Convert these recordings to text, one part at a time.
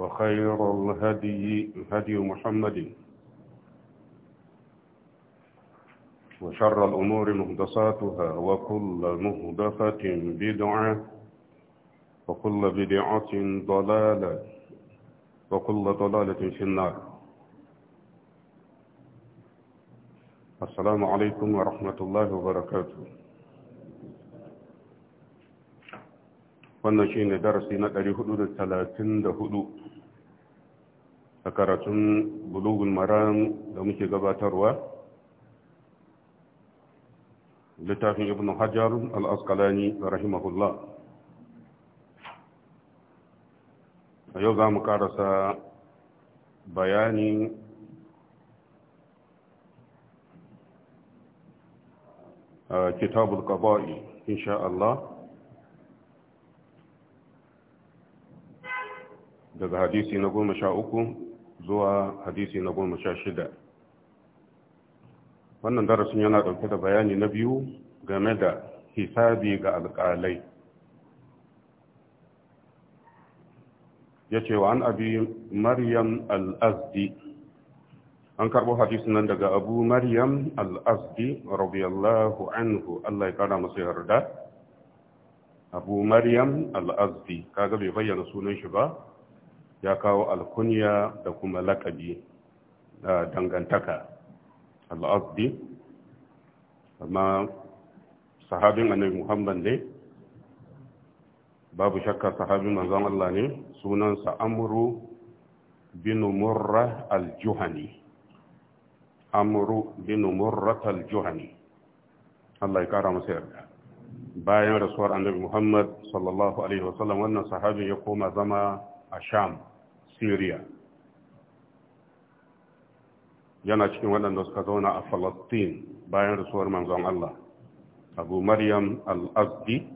وخير الهدي هدي محمد وشر الأمور مهدساتها وكل مهدفة بدعة وكل بدعة ضلالة وكل ضلالة في النار السلام عليكم ورحمة الله وبركاته wannan shi ne darasi na 434 a karatun bulugun maram da muke gabatarwa littafin ibn hajar al'askalani rahimahullah a yau za mu karasa bayani a kitabul ƙaba'i insha Allah daga hadisi na goma sha uku zuwa hadisi na goma sha shida wannan darasin yana ɗauke da bayani na biyu game da hisabi ga alƙalai ya ce wa an abi maryam al'azdi an karɓo hadisi nan daga abu maryam al'azdi rabiyallahu anhu Allah ya kara masu yarda abu maryam al'azdi kaga bai bayyana sunan shi ba ya kawo alkunya da kuma lakabi da dangantaka al'abdi amma sahabin annabi muhammad ne babu shakka sahabin manzon Allah ne sunansa amru bin murra al-juhani amru bin murra al-juhani Allah ya kara masa yarda bayan rasuwar annabi muhammad sallallahu alaihi wasallam wannan sahabin ya koma zama a sham syria yana cikin waɗanda suka zauna a falastin bayan rasuwar manzon Allah abu maryam al-azdi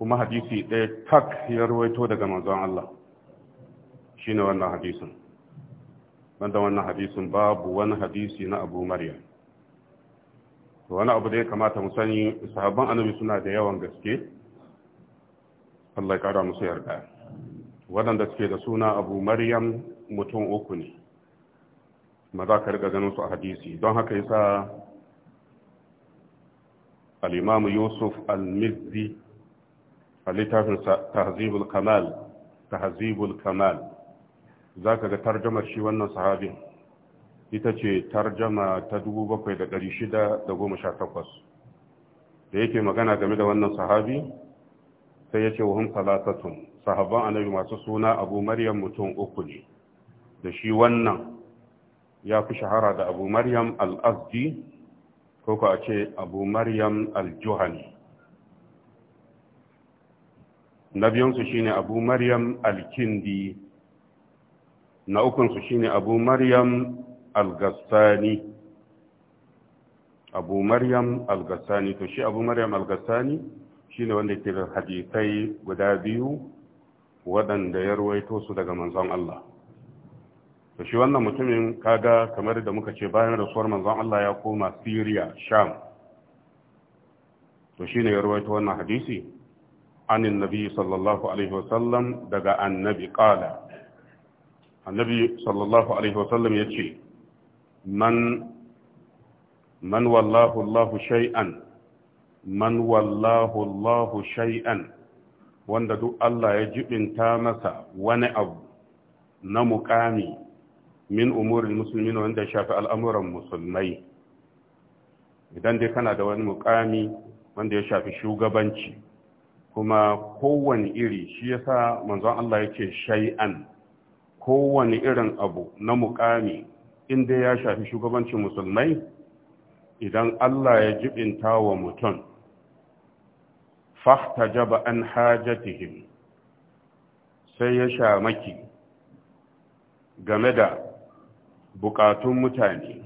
kuma hadisi ɗaya tak ya ruwaito daga manzon Allah Shi ne wannan hadisun wanda wannan hadisun babu wani hadisi na abu maryam to wani abu da ya kamata mu sani sahabban annabi suna da yawan gaske Allah ya kara musu yarda waɗanda suke da suna abu maryam mutum uku ne ma za ka riga ganin su a hadisi don haka yasa sa al’imamu yusuf al-mizzi a littafin tahzibul kamal tahzibul kamal za ka ga tarjama shi wannan sahabin ita ce tarjama ta 7618 da yake magana game da wannan sahabi sai ya ce wa sahabban annabi masu suna abu maryam mutum uku ne da shi wannan ya fi shahara da abu maryam al-azdi ko ka ce abu maryam al-juhani na biyunsu shine abu maryam al-kindi na ukunsu shine abu maryam al-gassani abu maryam al-gassani to shi abu maryam al-gassani ne wanda ke da hadisai guda biyu waɗanda ya ruwaito su daga manzon Allah to shi wannan mutumin kaga kamar da muka ce bayan rasuwar manzon Allah ya koma Syria Sham to shi ne ya ruwaito wannan hadisi anin nabi sallallahu alaihi wasallam daga annabi qala annabi sallallahu alaihi wasallam yace man man wallahu Allahu shay'an man wallahu Allahu shay'an wanda duk Allah ya jibinta masa wani abu na mukami min umurin musulmi wanda ya shafi al'amuran musulmai idan dai kana da wani mukami wanda ya shafi shugabanci kuma kowane iri shi yasa manzon Allah yake shai'an. kowane irin abu na mukami inda ya shafi shugabancin musulmai idan Allah ya jibinta wa mutum fahtajaba an hajatihim sai ya shamaki game da bukatun mutane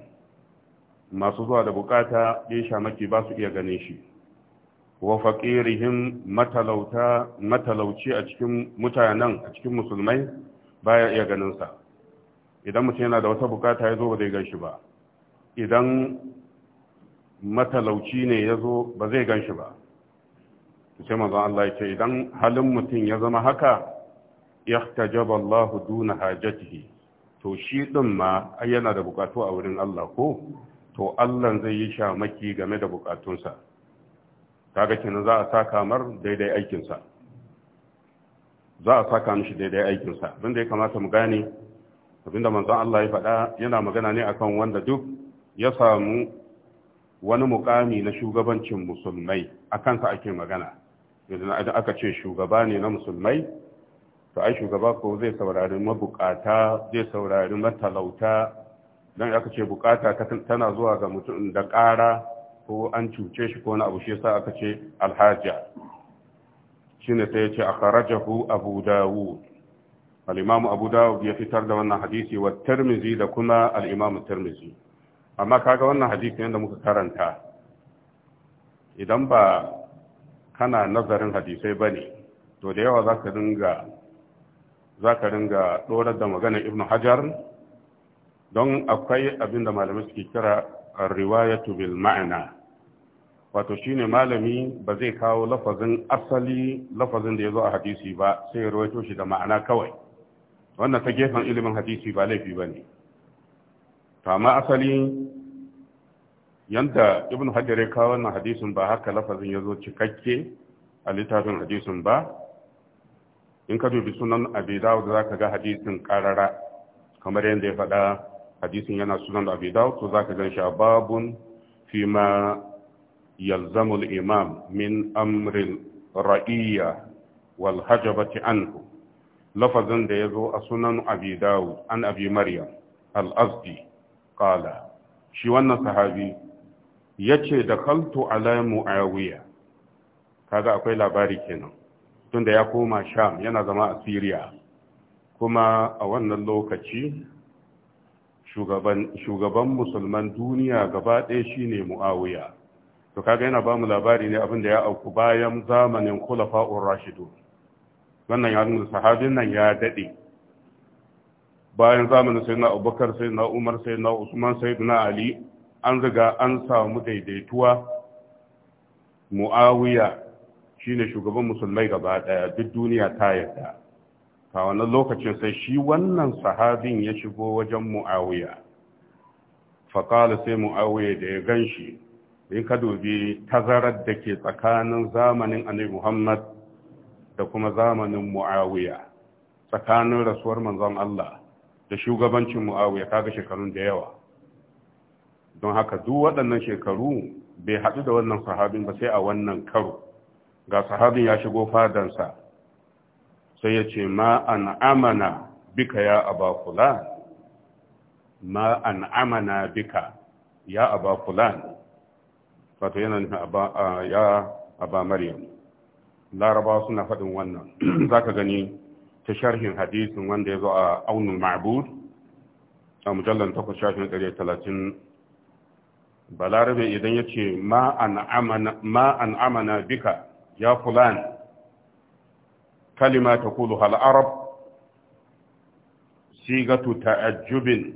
masu zuwa da bukata ya shamaki ba su iya ganin shi wa faƙirihim matalauci a cikin mutanen a cikin musulmai ba ya iya ganinsa idan mutum yana da wata bukata ya zo ba zai gan ba idan matalauci ne ya zo ba zai ganshi ba ce manzon Allah ya ce idan halin mutum ya zama haka yahtajaba Allah duna hajjati to shi din ma yana da bukatu a wurin Allah ko to Allah zai yi shamaki game da bukatunsa ga kenan za a sa kamar daidai aikinsa za a saka mishi daidai aikinsa abin da ya kamata mu gane abin da manzon Allah ya faɗa yana magana ne akan wanda duk ya samu wani mukami na shugabancin musulmai a kansa ake magana idan aka ce shugaba ne na musulmai to ai shugaba ko zai saurari mabukata zai saurari matalauta don aka ce bukata tana zuwa ga mutum da ƙara ko an cuce shi ko na abu shi sa aka ce alhaja shine sai ya ce akharajahu abu dawud al-imam abu dawud ya fitar da wannan hadisi wa turmizi da kuma al-imam tirmizi amma kaga wannan hadisi yanda muka karanta idan ba kana nazarin hadisai ba ne to da yawa za ka dinga za ɗorar da maganar ibnu hajar don akwai abin da malamai suke kira riwaya bil ma'ana wato shine malami ba zai kawo lafazin asali lafazin da ya zo a hadisi ba sai ya rawaito shi da ma'ana kawai wannan ta gefen ilimin hadisi ba laifi ba ne amma asali yanda ibn hajar ya kawo wannan hadisin ba haka lafazin ya zo cikakke a littafin hadisin ba in ka dubi sunan abi dawud za ka ga hadisin karara kamar yadda ya faɗa hadisin yana sunan abi dawud to za ka gan shi a babun fi ma yalzamu imam min amrin ra'iyya wal hajabati anhu lafazin da ya zo a sunan abi dawud an abi maryam al-azdi qala shi wannan sahabi yace da kaltu ala muawiya kaga akwai labari kenan tunda ya koma sham yana zama a syria kuma a wannan lokaci shugaban musulman duniya gaba ɗaya shine muawiya to kaga yana ba mu labari ne abinda ya auku bayan zamanin khulafa'ur rashidun wannan ya nuna sahabin nan ya dade bayan zamanin sayyidina abubakar sayyidina umar sayyidina usman sayyidina ali an riga an samu daidaituwa mu'awiya shine shugaban musulmai gaba daya duk duniya ta yarda a wannan lokacin sai shi wannan sahabin ya shigo wajen mu'awiya faƙala sai mu'awiya da ya gan shi in ka dubi tazarar da ke tsakanin zamanin annabi muhammad da kuma zamanin mu'awiya tsakanin rasuwar manzon allah da shugabancin mu'awiya kaga shekarun da yawa don haka duk waɗannan shekaru bai haɗu da wannan sahabin ba sai a wannan karo ga sahabin ya shigo fadansa sai ya ce ma an amana bika ya aba fulan ma an amana bika ya aba fulan wato yana nufin ya aba maryam laraba suna faɗin wannan za ka gani ta sharhin hadisin wanda ya zo a aunin ma'bud a mujallar 8 shafin balarabe idan ya ce ma an amana bika ya fulan kalima ta kulu hal'arab sigatu ta'ajjubin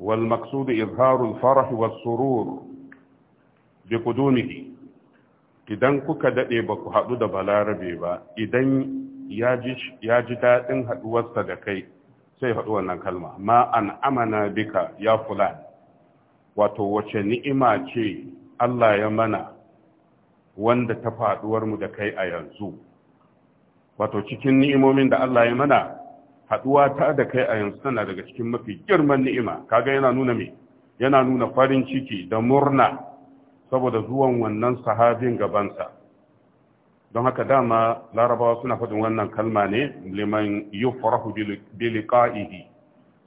wal maksudu izharul farahi was surur bi kudumihi idan kuka daɗe ba ku haɗu da balarabe ba idan ya ji daɗin haɗuwarsa da kai sai haɗu wannan kalma ma an amana bika ya fulan wato wace ni'ima ce Allah ya mana wanda ta faɗuwarmu da kai a yanzu wato cikin ni'imomin da Allah ya mana haɗuwa ta da kai a yanzu tana daga cikin mafi girman ni'ima kaga yana nuna me yana nuna farin ciki da murna saboda zuwan wannan sahabin gabansa don haka dama larabawa suna faɗin wannan kalma ne liman yufrahu bi liqa'ihi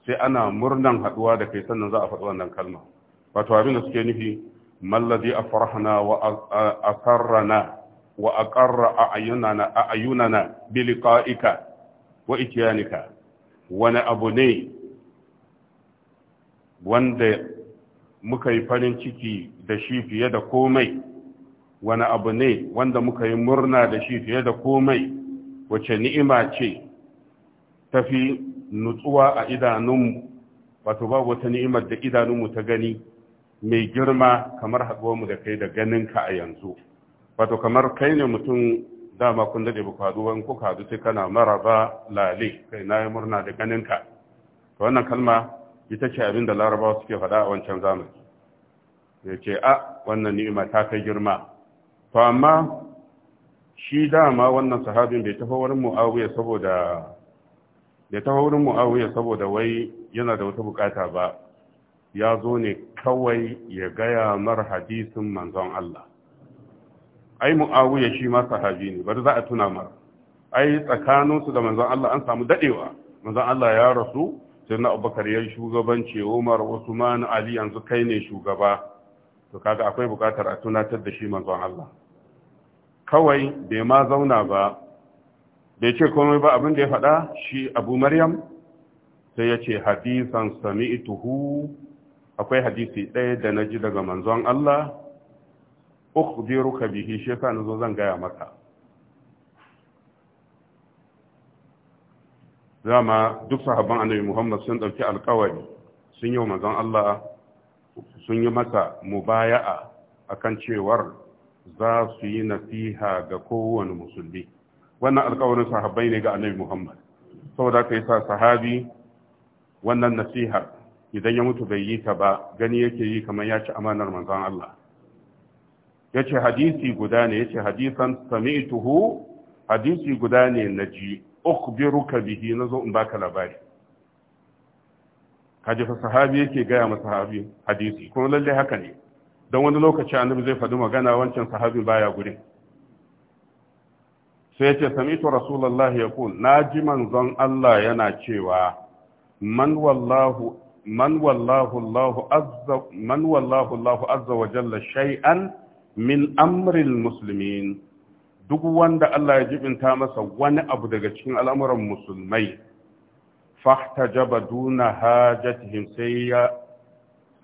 sai ana murnan haɗuwa da kai sannan za a faɗi wannan kalma wato abin da suke nufi mallazi afrahna wa asarrana wa aqarra a'yunana a'yunana bi liqa'ika wa ityanika wani abu ne wanda muka yi farin ciki da shi fiye da komai wani abu ne wanda muka yi murna da shi fiye da komai wace ni'ima ce tafi nutsuwa a idanunmu wato babu wata ni'imar da idanunmu ta gani mai girma kamar mu da kai da ganinka a yanzu wato kamar kai ne mutum dama kun daɗe ba haɗu in kuka haɗu sai kana maraba lale kai na yi murna da ganinka Ka wannan kalma ita ce abin da larabawa suke faɗa a wancan zamani ya ce a wannan ni'ima ta kai girma to amma shi dama wannan sahabin bai taɓa wurin mu'awiyar saboda bai wurin mu'awiyar saboda wai yana da wata bukata ba ya zo ne kawai ya gaya mar hadisin manzon Allah ai ya shi ma sahabi ne bari za a tuna mar ai tsakaninsu da manzon Allah an samu daɗewa. manzon Allah ya rasu sai na abubakar ya shugabanci umar usman ali yanzu kai ne shugaba to kaga akwai buƙatar a tunatar da shi manzon Allah kawai bai ma zauna ba bai ce komai ba abin da ya faɗa shi abu maryam sai ya ce hadisan sami'tuhu akwai hadisi ɗaya da na ji daga manzon Allah ukhbiruka bihi shi yasa nazo zan gaya maka dama duk sahabban annabi Muhammad sun ɗauki alkawari sun yi manzon Allah sun yi masa mubaya'a akan cewar za su yi nasiha ga kowane musulmi wannan alkawarin sahabbai ne ga annabi Muhammad saboda yi sa sahabi wannan nasihar idan ya mutu bai yi ta ba gani yake yi kamar ya ci amanar manzon Allah ya ce hadisi guda ne ya ce hadisan sami'tuhu hadisi guda ne na ji ukhbiruka bihi na zo in baka labari kaji fa sahabi yake gaya ma sahabi hadisi kuma lalle haka ne dan wani lokaci annabi zai faɗi magana wancan sahabi baya guri. sai ya ce sami'tu rasulullahi yaqul naji manzon Allah yana cewa man wallahu man wallahu Allahu wa jalla min amril muslimin duk wanda Allah ya jibinta masa wani abu daga cikin al'amuran musulmai fahtajaba duna hajatihim sai ya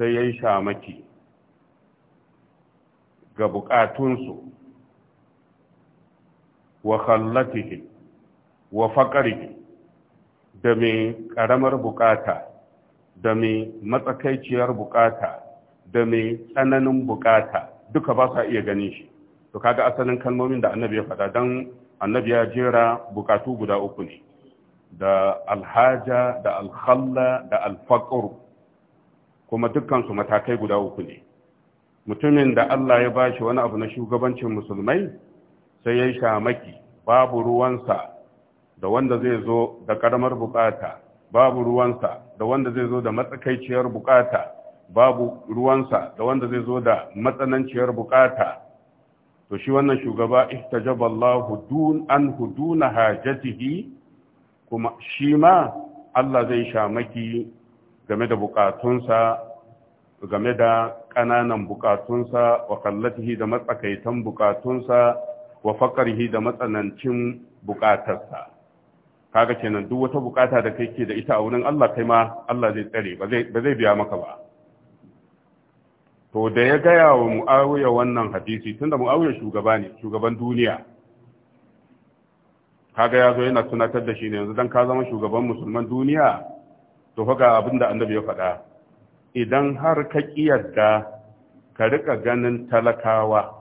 yi shamaki ga bukatunsu wa khallatihim wa faqrihim da mai ƙaramar bukata da mai matsakaiciyar bukata da mai tsananin bukata duka ba sa iya ganin shi to kaga asalin kalmomin da annabi ya faɗa don annabi ya jera bukatu guda uku ne da alhaja da alhalla da alfakur. kuma dukkansu matakai guda uku ne mutumin da Allah ya bashi wani abu na shugabancin musulmai sai ya shamaki babu ruwansa da wanda zai zo da ƙaramar bukata babu ruwansa da wanda zai zo da matsakaiciyar bukata babu ruwansa da wanda zai zo da matsananciyar bukata to shi wannan shugaba ihtajaba Allahu dun an huduna hajatihi kuma shi ma Allah zai shamaki game da bukatunsa game da ƙananan bukatunsa wa kallatihi da matsakaitan bukatunsa wa faƙarhi da matsanancin bukatarsa kaga kenan duk wata bukata da kake da ita a wurin Allah kai ma Allah zai tsare ba zai biya maka ba to da ya gaya wa mu'awiya wannan hadisi tunda mu'awiya shugaba ne shugaban duniya kaga ya zo yana tunatar da shi ne yanzu dan ka zama shugaban musulman duniya to fa ga abin annabi ya faɗa idan har ka kiyarda ka rika ganin talakawa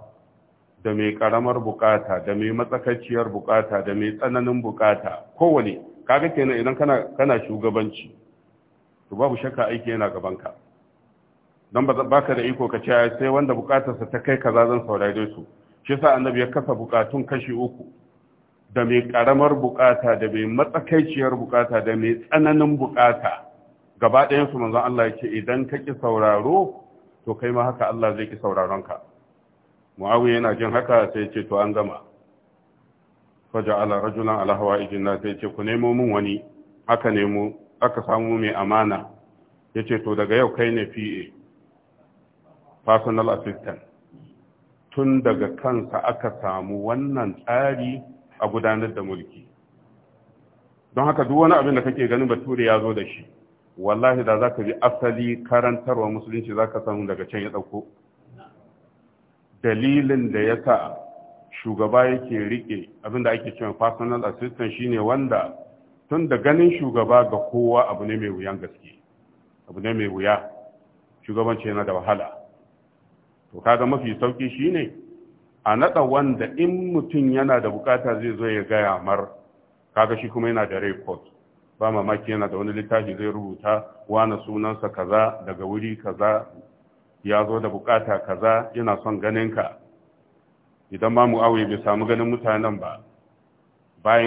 da mai karamar bukata da mai matsakaiciyar bukata da mai tsananin bukata kowane kaga kenan idan kana kana shugabanci to babu shakka aiki yana gabanka don ba ka da iko ka ce sai wanda bukatarsa ta kai kaza zan saurare su shi yasa annabi ya kasa bukatun kashi uku da mai karamar bukata da mai matsakaiciyar bukata da mai tsananin bukata gaba ɗayan su manzon Allah ya ce idan ka ki sauraro to kai ma haka Allah zai ki sauraron ka muawiya yana jin haka sai ce to an gama faja ala rajulan ala hawaijin na sai ce ku nemo min wani aka nemo aka samu mai amana ya ce to daga yau kai ne pa personal assistant tun daga kansa aka samu wannan tsari a gudanar da mulki don haka duk wani abin da kake ganin bature ya zo da shi wallahi da za ka bi asali karantarwa musulunci za ka samu daga can ya ɗauko dalilin da ya sa shugaba yake rike abinda ake cewa personal assistant shine wanda tun da ganin shugaba ga kowa abu ne mai wuyan gaske abu ne mai wuya shugabanci yana da wahala to kaga mafi sauki shine a nada wanda in mutum yana da bukata zai zo ya gaya mar kaga shi kuma yana da record ba mamaki yana da wani littafi zai rubuta wani sunansa kaza daga wuri kaza ya zo da bukata kaza yana son ganinka idan ma mu'awiya bai samu ganin mutanen ba bayan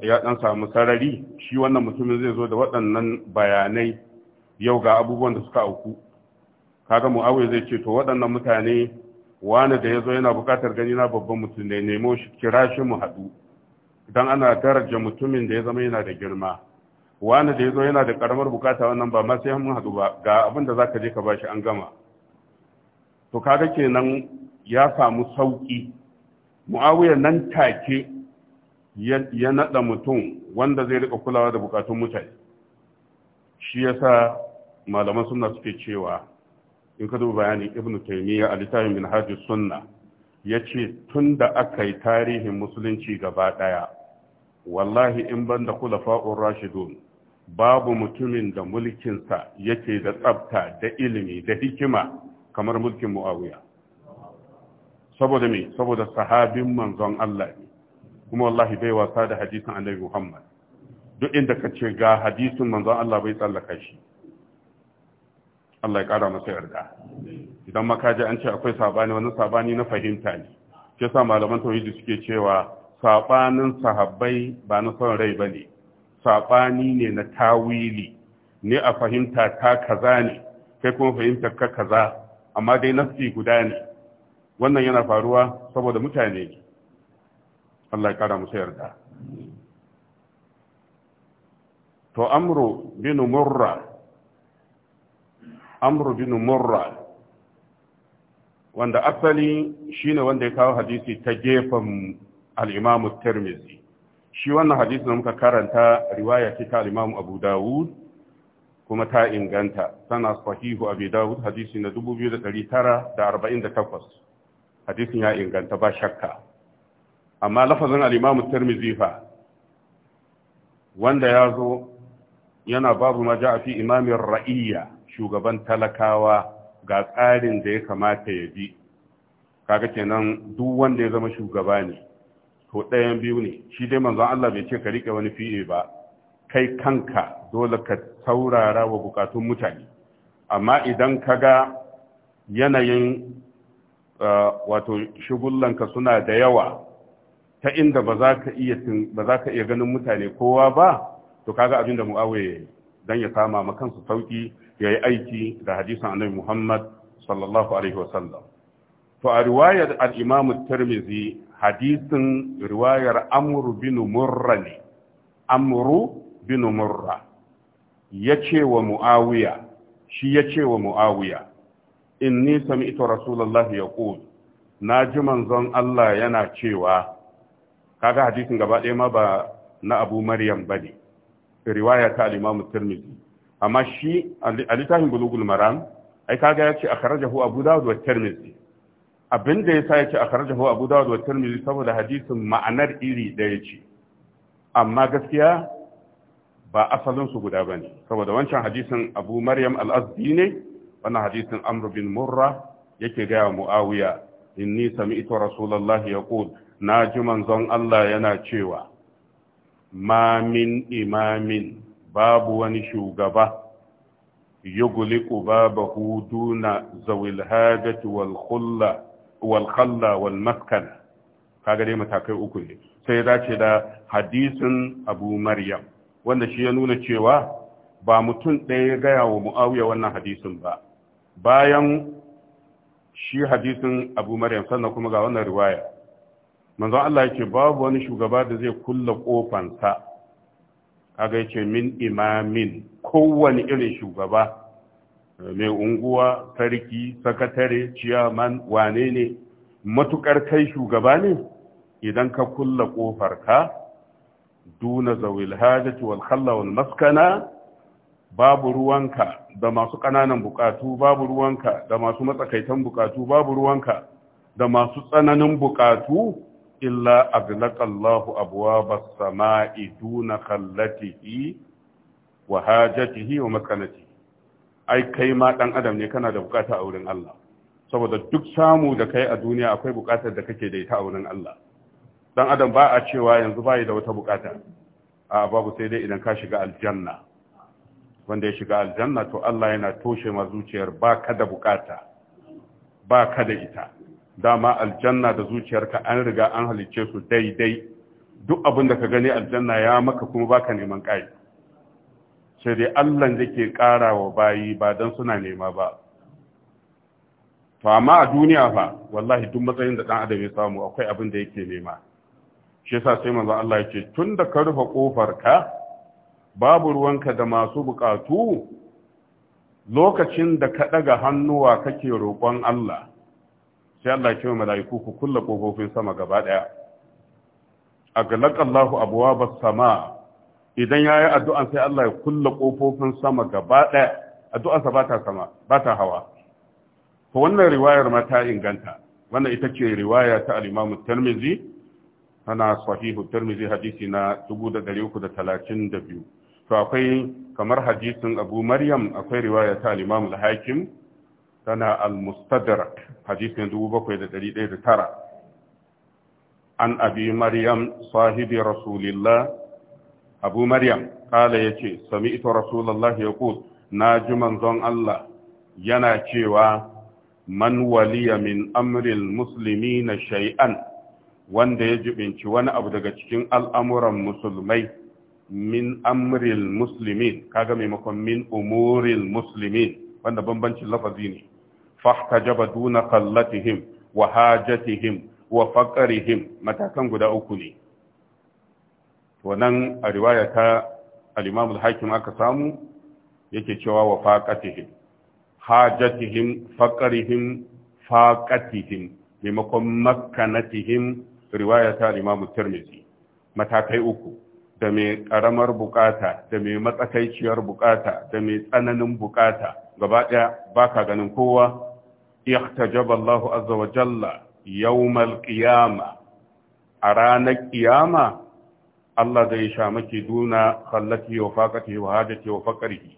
ya dan samu sarari shi wannan mutumin zai zo da waɗannan bayanai yau ga abubuwan da suka auku kaga mu'awiya zai ce to waɗannan mutane wani da ya zo yana bukatar gani na babban mutum ne nemo shi kira shi mu haɗu idan ana daraja mutumin da ya zama yana da girma wani da ya zo yana da karamar bukata wannan ba ma sai mun haɗu ba ga abin da za je ka bashi an gama to kaga kenan ya samu sauƙi mu'awiya nan take ya naɗa mutum wanda zai rika kulawa da bukatun mutane shi yasa malaman sunna suke cewa in ka duba bayani ibn taymiya a littafin minhaj sunna tun da aka yi tarihin musulunci gaba ɗaya. wallahi in banda khulafa'ur rashidun babu mutumin da mulkinsa yake da tsafta da ilimi da hikima kamar mulkin muawiya saboda me saboda sahabin manzon Allah ne kuma wallahi bai wasa da hadisin annabi Muhammad duk inda ka ce ga hadisin manzon Allah bai tsallaka shi Allah ya kara masa yarda idan maka ji an ce akwai sabani wani sabani na fahimta ne ke sa malaman tauhidi suke cewa sabanin sahabbai ba na son rai bane sabani ne na tawili ne a fahimta ta kaza ne kai kuma fahimtar ka kaza amma dai nafsi guda ne wannan yana faruwa saboda mutane Allah ya kara musu yarda to amru bin murra amru bin murra wanda asali shine wanda ya kawo hadisi ta gefen al-Imam Tirmidhi shi wannan hadisin da muka karanta riwaya ce ta al-Imam Abu Dawud kuma ta inganta tana sahihu abi dawud hadisi na 2948 hadisin ya inganta ba shakka amma lafazin al-imamu tirmidhi fa wanda ya zo yana babu ma ja'a fi imamin ra'iyya shugaban talakawa ga tsarin da ya kamata ya bi kaga kenan duk wanda ya zama shugaba ne to ɗayan biyu ne shi dai manzon Allah bai ce ka rike wani fi'e ba kai kanka dole ka taurara wa bukatun mutane amma idan ka ga yanayin uh, wato shigullanka suna da yawa ta inda ba za ka iya ganin mutane kowa ba to kaga abin da muawiya don ya sama makansu kansu sauki ya yi aiki da hadisan annabi Muhammad sallallahu alaihi wasallam to a riwayar al tirmizi hadisin riwayar amuru binu Murra ne amuru bin murra ya ce wa mu'awiya shi ya ce wa mu'awiya inni sami'tu rasulullahi yaqul na ji manzon Allah yana cewa kaga hadisin gaba ɗaya ma ba na Abu Maryam bane riwaya ta al-Imam Tirmidhi amma shi a littafin bulugul Maram ai kaga yace akhrajahu Abu Dawud wa Tirmidhi abinda yasa yace akhrajahu Abu Dawud wa Tirmidhi saboda hadisin ma'anar iri ɗaya ce amma gaskiya ba asalinsu guda ba ne saboda wancan hadisin abu maryam al'azdi ne wannan hadisin amru bin murra yake gaya wa mu'awiya inni sami'tu rasulullahi yaqul na ji manzon Allah yana cewa ma min imamin babu wani shugaba yughliqu babahu duna zawil hajati wal khulla wal khalla wal maskana kaga dai matakai uku ne sai ya dace da hadisin abu maryam wanda shi ya nuna cewa ba mutum ɗaya ya gaya wa mu'awiya wannan hadisin ba bayan shi hadisin abu maryam sannan kuma ga wannan riwaya manzon Allah ya ce babu wani shugaba da zai kulla kofansa kaga yace min imamin kowane irin shugaba mai unguwa sarki sakatare ciyaman wane ne matukar kai shugaba ne idan ka kulla kofarka duna zawil hajati wal khalla wal maskana babu ruwanka da masu ƙananan bukatu babu ruwanka da masu matsakaitan bukatu babu ruwanka da masu tsananin bukatu illa aglaqa Allahu abwaba samai duna khallatihi wa hajatihi wa maskanatihi ai kai ma dan adam ne kana da bukata a wurin Allah saboda duk samu da kai a duniya akwai bukatar da kake da ita a wurin Allah dan adam ba a cewa yanzu bai da wata bukata a babu sai dai idan ka shiga aljanna wanda ya shiga aljanna to Allah yana toshe ma zuciyar ba ka da bukata ba ka da ita dama aljanna da zuciyarka an riga an halicce su daidai duk abin da ka gani aljanna ya maka kuma baka neman kai sai dai Allah da ke ƙara wa bayi ba dan suna nema ba to amma a duniya fa wallahi duk matsayin da dan adam ya samu akwai abin da yake nema shi sa sai manzo Allah yake da ka rufe kofar ka babu ruwanka da masu bukatu lokacin da ka daga hannuwa kake roƙon Allah sai Allah ya ce mala'iku ku kulle kofofin sama gaba daya aglaqa Allahu abwaabas sama idan yayi addu'an sai Allah ya kulle kofofin sama gaba daya addu'arsa ba ta sama hawa to wannan riwayar ma ta inganta wannan ita ce riwaya ta al-Imam Tirmidhi ana sahihu tirmidhi hadisi na 332 to akwai kamar hadisin Abu Maryam akwai riwaya ta Imam al-Hakim tana al-Mustadrak hadisin 7109 an Abi Maryam sahibi Rasulillah Abu Maryam kala yace sami'tu Rasulullah yaqul naji manzon Allah yana cewa man waliya min amril muslimina shay'an wanda ya jibinci wani abu daga cikin al'amuran musulmai min amril muslimin kaga maimakon min umuril muslimin wanda bambancin lafazi ne jaba, duna qallatihim wa hajatihim wa faqrihim matakan guda uku ne to nan a riwaya ta al-Hakim aka samu yake cewa wa faqatihim hajatihim faqrihim faqatihim maimakon makkanatihim riwaya ta Imam Tirmidhi matakai uku da mai karamar bukata da mai matsakaiciyar bukata da mai tsananin bukata gaba ba baka ganin kowa ihtajaba Allah azza wa jalla yawmal qiyama a ranar ƙiyama? Allah zai sha maki duna khallati wa faqati wa hajati wa faqrihi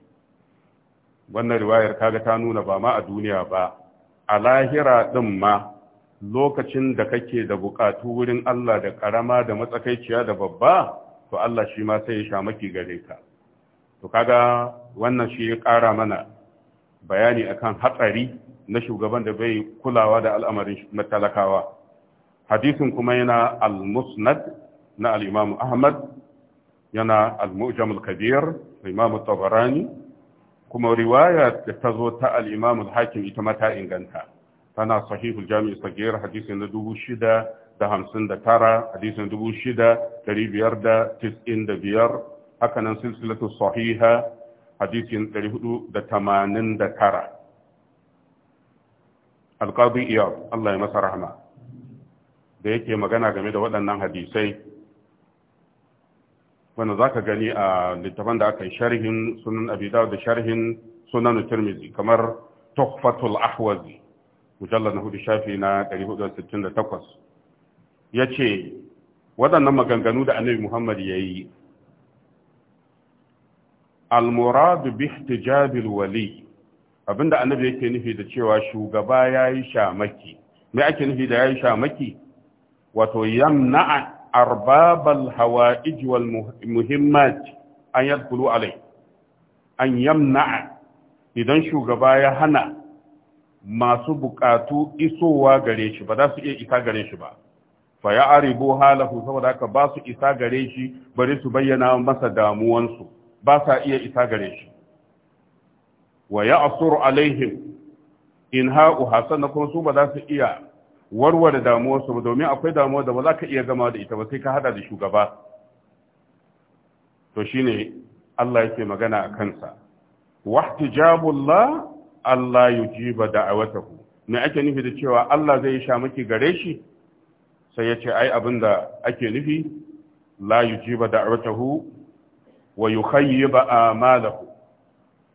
wannan riwayar kaga ta nuna ba ma a duniya ba a lahira din ma lokacin da kake da bukatu wurin Allah da karama da matsakaiciya da babba to Allah shi ma sai ya sha miki gare ka to kaga wannan shi ya kara mana bayani akan hatsari na shugaban da bai kulawa da al'amarin matalakawa hadisin kuma yana al-musnad na al Ahmad yana al-mu'jam al-kabir imam tabarani kuma riwaya da ta zo ta al-imam al-hakim ita mata inganta tana sahihul jami'i sagir hadisi na dubu shida da hamsin da tara hadisin dubu shida dari biyar da tis'in da biyar hakanan silsilatu sahiha hadisin dari hudu da tamanin da tara alƙadu iya Allah ya masa rahama da yake magana game da waɗannan hadisai wanda za ka gani a littafan da aka yi sharhin sunan abidawa da sharhin sunan turmizi kamar tuhfatul ahwazi mujallar na hudu shafi na 468 ya ce waɗannan maganganu da annabi muhammad ya yi almuradu bi ihtijabil wali abinda annabi yake nufi da cewa shugaba ya yi shamaki me ake nufi da ya yi shamaki wato yamna'a arbabal hawa wal muhimmat an yadkhulu alai an yamna'a idan shugaba ya hana masu bukatu isowa gare shi ba za su iya isa gare shi ba fa ya aribu halahu saboda haka ba su isa gare shi bari su bayyana masa damuwansu ba sa iya isa gare shi wa ya asuru alaihim in ha'u hasan kuma su ba za su iya warware damuwarsu ba domin akwai damuwa da ba za ka iya gama da ita ba sai ka hada da shugaba to shine Allah yake magana a kansa wahtijabullah Allah ji yujiba da'awatahu me ake nufi da cewa Allah zai sha maki gare shi sai ya ce ai abin da ake nufi la ji yujiba da'awatahu wa a amalahu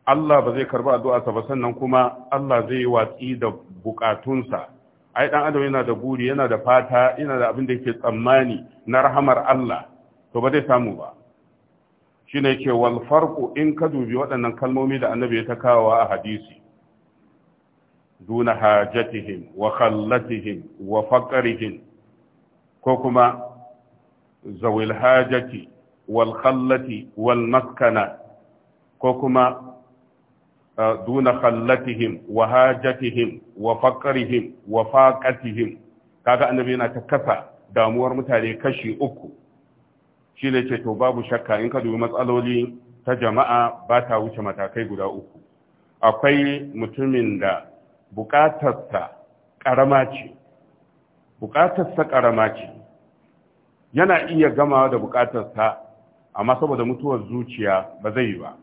Allah ba zai karba addu'arsa ba sannan kuma Allah zai yi watsi da bukatunsa ai dan adam yana da buri yana da fata yana da abin da yake tsammani na rahamar Allah to ba zai samu ba shine yake wal farqu in ka dubi waɗannan kalmomi da annabi ya ta kawo a hadisi duna hajatihim wa khallatihim wa faqrihim ko kuma zawil hajati wal khallati wal maskana ko kuma duna khallatihim wa wa wa kaga annabi yana ta kasa damuwar mutane kashi uku shi ne ce to babu shakka in ka dubi matsaloli ta jama'a ba ta wuce matakai guda uku akwai mutumin da bukatarsa ƙarama ce bukatarsa ƙarama ce yana iya gamawa da bukatarsa amma saboda mutuwar zuciya ba zai yi ba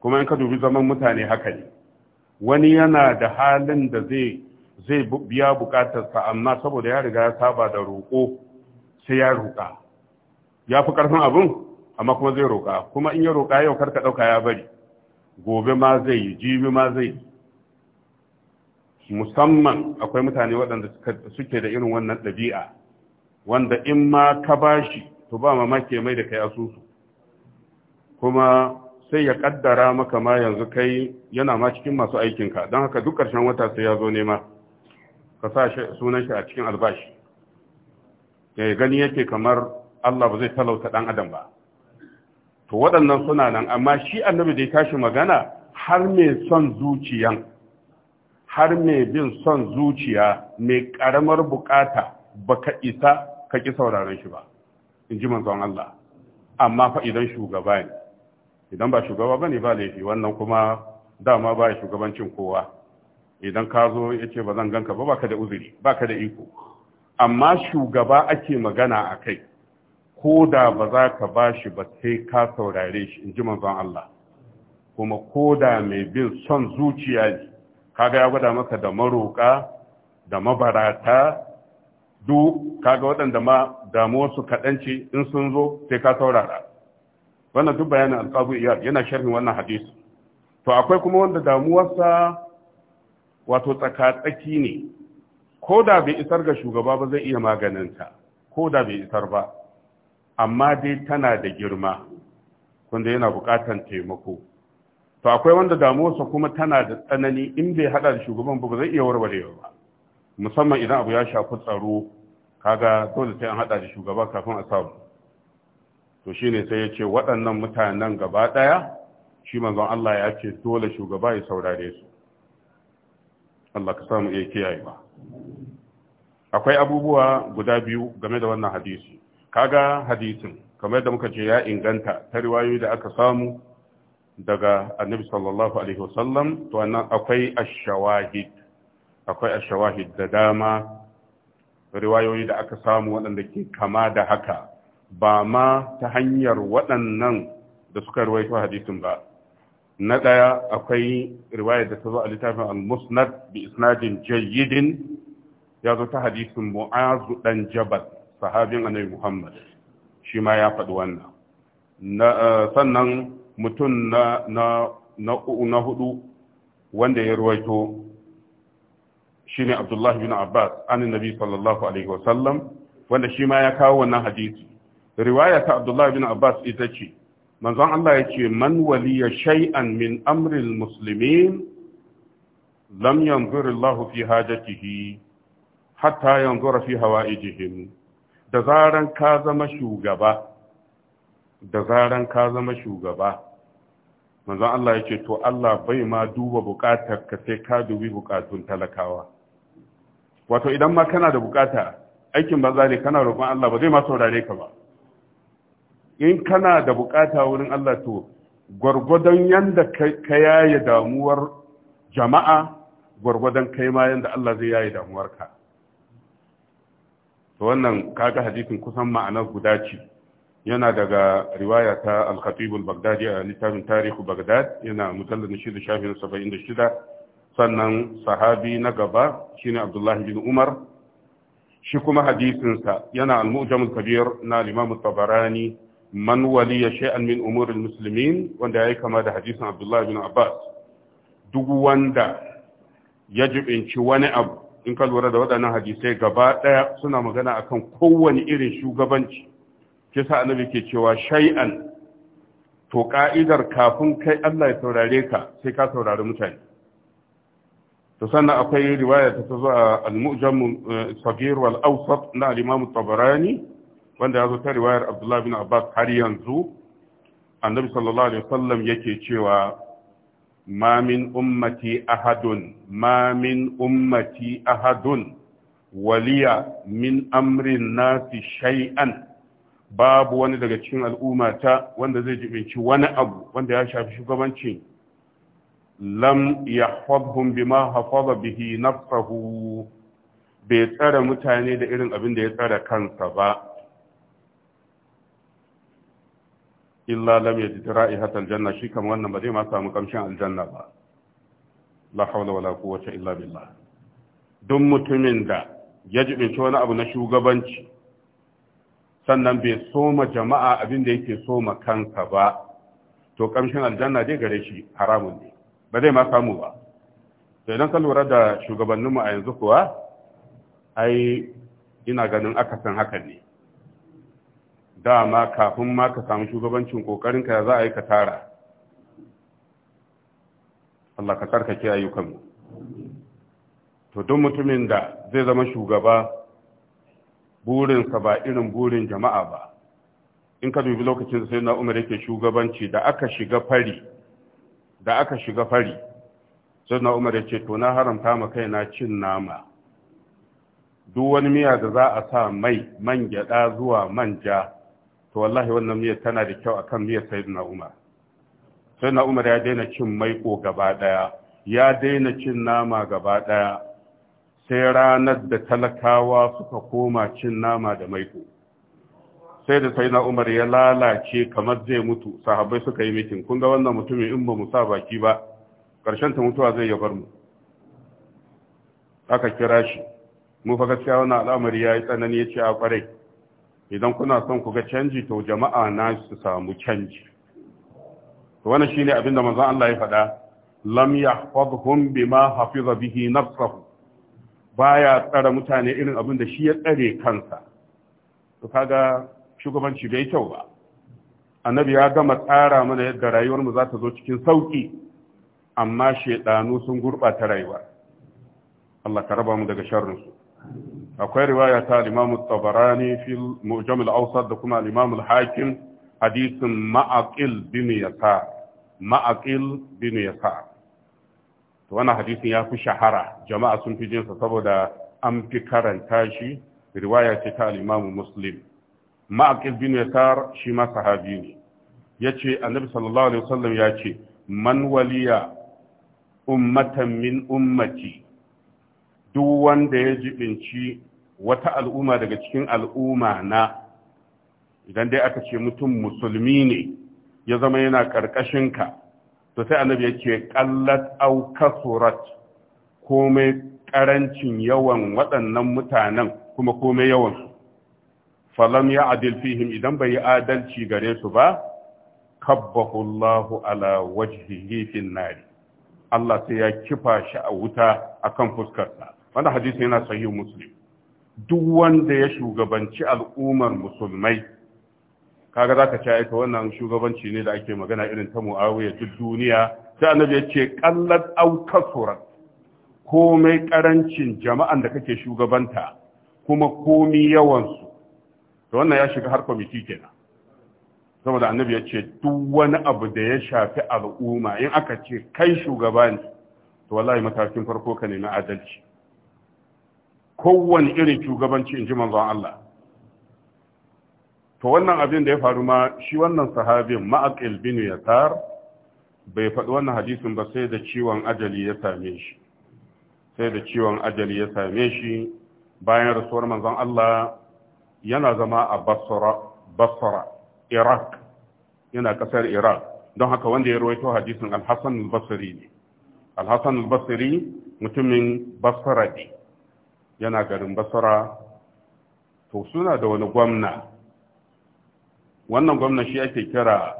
kuma in ka dubi zaman mutane haka ne wani yana da halin da zai zai biya bukatarsa amma saboda ya riga ya saba da roƙo sai ya roƙa ya fi ƙarfin abin amma kuma zai roƙa kuma in ya roƙa yau kar ka ɗauka ya bari gobe ma zai yi jibi ma zai yi musamman akwai mutane waɗanda suke da irin wannan ɗabi'a wanda in ma ka ba shi to ba mamaki mai da kai asusu kuma sai ya ƙaddara maka ma yanzu kai yana ma cikin masu aikinka don haka duk ƙarshen wata sai ya zo nema ka sa sunan shi a cikin albashi ya gani yake kamar Allah ba zai talauta ɗan adam ba to waɗannan suna nan amma shi annabi da ya tashi magana har mai son zuciyan har mai bin son zuciya mai karamar bukata baka isa ka ki sauraron shi ba in ji manzon Allah amma fa idan shugaba ne idan ba shugaba ba ne ba laifi wannan kuma dama ba shugabancin kowa idan ka zo ya ce ba zan ganka ba baka da uzuri baka da iko amma shugaba ake magana a kai ko da ba za ka ba shi ba sai ka saurare shi in ji manzon Allah kuma ko da mai bin son zuciya ne kaga ya gwada maka da maroka da mabarata duk kaga waɗanda ma damuwarsu kaɗan ce in sun zo sai ka saurara wannan duk bayanin alƙabu iyar yana sharhin wannan hadisi to akwai kuma wanda damuwarsa wato tsakatsaki ne ko da bai isar ga shugaba ba zai iya maganinta ko da bai isar ba amma dai tana da girma kunda yana buƙatar taimako to akwai wanda damuwarsa kuma tana da tsanani in bai hada da shugaban ba zai iya warwarewa ba musamman idan abu ya shafi tsaro kaga dole sai an hada da shugaba kafin a samu to shine sai ya ce waɗannan mutanen gaba ɗaya shi manzon Allah ya ce dole shugaba ya saurare su Allah ka samu kiyaye ba. akwai abubuwa guda biyu game da wannan hadisi kaga hadisin kamar da muka ce ya inganta ta riwayoyi da aka samu daga annabi sallallahu alaihi wasallam to annan akwai shawahid. akwai shawahid da dama riwayoyi da aka samu waɗanda ke kama da haka ba ma ta hanyar waɗannan da suka riwaito hadisin ba na ɗaya akwai riwaya da ta zo a littafin al-musnad bi isnadin jayyidin ya zo ta hadisin mu'azu dan jabal sahabin annabi muhammad shi ma ya faɗi wannan eh, sannan mutum na na hudu wanda ya ruwaito ne Abdullahi bin Abbas anin Nabi sallallahu alaihi wasallam wanda shi ma ya kawo wannan hadisi riwaya ta Abdullah bin Abbas ita ce manzon Allah yace man waliya shay'an min amri almuslimin lam yanzur Allah fi hajatihi hatta yanzura fi hawaijihim da zaran ka zama shugaba da zaran ka zama shugaba manzon Allah ya ce to Allah bai ma duba bukatar ka sai ka dubi bukatun talakawa wato idan ma kana da bukata aikin ba ne kana roƙon Allah ba zai ma saurare ka ba in kana da bukata wurin Allah to gwargwadon yanda ka yaye damuwar jama'a gwargwadon kai ma yanda Allah zai yaye damuwarka to wannan kaga hadisin kusan ma'anar guda ce yana daga riwaya ta al bagdadi a littafin tarihu Bagdad, yana mujallad na shida shafin shida, sannan sahabi na gaba shine abdullahi bin umar shi kuma hadisinsa yana al kabir na al-imam tabarani man ya shay'an min umurin Musulmin, wanda ya yi kama da hadisin abdullahi bin abbas duk wanda ya jibinci wani abu in ka lura da waɗannan hadisai gaba ɗaya suna magana akan kowane irin shugabanci shi yasa annabi ke cewa shay'an to ka'idar kafin kai Allah ya saurare ka sai ka saurari mutane to sannan akwai riwaya ta zo a al-mu'jam eh, sagir wal awsat na al-imam tabarani wanda ya zo ta riwayar Abdullahi bin Abbas har yanzu annabi sallallahu alaihi wasallam yake cewa ma min ummati ahadun ma min ummati ahadun waliya min amrin nasi shay'an babu wani daga cikin al'umma ta wanda zai jibinci wani abu wanda ya shafi shugabanci lam yahfadhum bima hafaza bihi nafsahu bai tsara mutane da irin abin da ya tsara kansa ba illa lam yajid ra'ihat aljanna shi kam wannan ba zai ma samu kamshin aljanna ba la hawla wala quwwata illa billah duk mutumin da ya jibinci wani abu na shugabanci sannan bai soma jama'a abin da yake soma kansa ba to kamshin aljanna dai gare shi haramun ne ba zai ma samu ba to idan ka lura da shugabanninmu a yanzu kuwa ai ina ganin aka san hakan ne dama kafin ma ka samu shugabancin kokarin ka za a yi ka tara Allah ka tsarkake mu to don mutumin da zai zama shugaba burinsa ba irin burin jama'a ba in ka dubi lokacin da sayyidina Umar yake shugabanci da aka shiga fari da aka shiga fari sayyidina Umar yace to na haramta ma kaina cin nama duk wani miya da za a sa mai man gyada zuwa manja to wallahi wannan miya tana da kyau akan miyar sayyidina Umar sayyidina Umar ya daina cin mai ko gaba daya ya daina cin nama gaba daya sai ranar da talakawa suka koma cin nama da maiko sai da sai na umar ya lalace kamar zai mutu sahabbai suka yi mitin kun ga wannan mutumin in ba mu sa baki ba ƙarshen ta mutuwa zai ya bar mu aka kira shi mu fa gaskiya wannan al'amari yi tsanani yace a ƙwarai idan kuna son ku ga canji to jama'a na su samu canji to wannan shine abin da manzon Allah ya faɗa lam yahfazhum bima hafiza bihi nafsuhu baya tsara mutane irin abin da shi ya tsare kansa to kaga shugabanci bai kyau ba annabi ya gama tsara mana yadda rayuwarmu za ta zo cikin sauki amma shedanu sun gurɓata rayuwa Allah ka raba mu daga sharrinsu. akwai riwaya ta Imam Tabarani fi Mu'jam al-Awsat da kuma Imam al-Hakim hadisin Ma'aqil bin Yasar Ma'aqil bin Yasar to wannan hadisin ya fi shahara jama'a sun fi jinsa saboda an fi karanta shi riwaya ce ta al-Imam Muslim Ma'aqil bin Yasar shi ma sahabi ne yace Annabi sallallahu alaihi wasallam ya ce man waliya ummatan min ummati duk wanda ya jibinci wata al'umma daga cikin al'umma na idan dai aka ce mutum musulmi ne ya zama yana ka to sai annabi yake qallat au kasurat komai karancin yawan waɗannan mutanen kuma komai yawan su falam ya adil fihim idan bai yi adalci gare su ba kabbahu Allahu ala wajhihi fin nari Allah sai ya kifa shi a wuta akan fuskarsa wannan hadisi yana sahih muslim duk wanda ya shugabanci al'ummar musulmai kaga zaka ka aika wannan shugabanci ne da ake magana irin ta mu'awiyar duk duniya sai annabi ya ce qallat aw komai karancin jama'an da kake shugabanta kuma komi yawan su to wannan ya shiga har kwamiti kenan saboda annabi ya ce duk wani abu da ya shafi al'umma in aka ce kai shugaba ne to wallahi matakin farko ka nemi adalci kowane irin shugabanci in ji manzon Allah to wannan abin da ya faru ma shi wannan sahabin ma'aqil bin yasar bai faɗi wannan hadisin ba sai da ciwon ajali ya same shi sai da ciwon ajali ya same shi bayan rasuwar manzon Allah yana zama a Basra Basra Iraq yana kasar Iraq don haka wanda ya rawaito hadisin Al-Hasan al-Basri ne Al-Hasan al-Basri mutumin Basra ne yana garin Basra to suna da wani gwamna wannan gwamna shi ake kira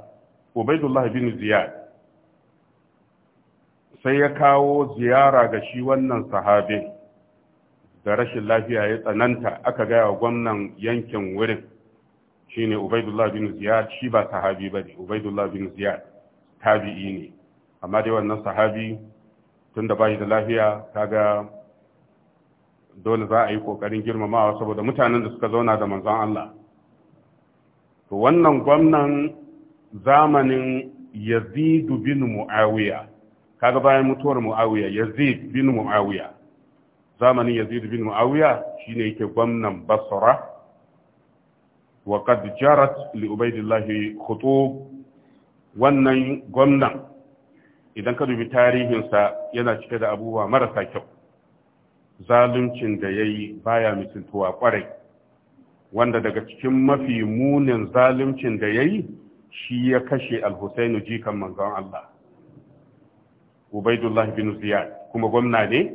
ubaidullah bin ziyad sai ya kawo ziyara ga shi wannan sahabe da rashin lafiya ya tsananta aka gaya wa gwamnan yankin wurin shine ubaidullah bin ziyad shi ba sahabi ba ne ubaidullah bin ziyad tabi'i ne amma dai wannan sahabi tun da ba shi da lafiya kaga dole za a yi ƙoƙarin girmamawa saboda mutanen da suka zauna da manzon Allah to wannan gwamnan zamanin yazid bin muawiya kaga bayan mutuwar muawiya yazid bin muawiya zamanin yazid bin muawiya shine yake gwamnan basra wa qad jarat li ubaidillah khutub wannan gwamnan idan ka dubi tarihinsa yana cike da abubuwa marasa kyau zaluncin da yayi baya misintuwa kwarai wanda daga cikin mafi munin zaluncin da ya yi shi ya kashe al jikan manzon Allah ubaidullah bin ziyad kuma gwamna ne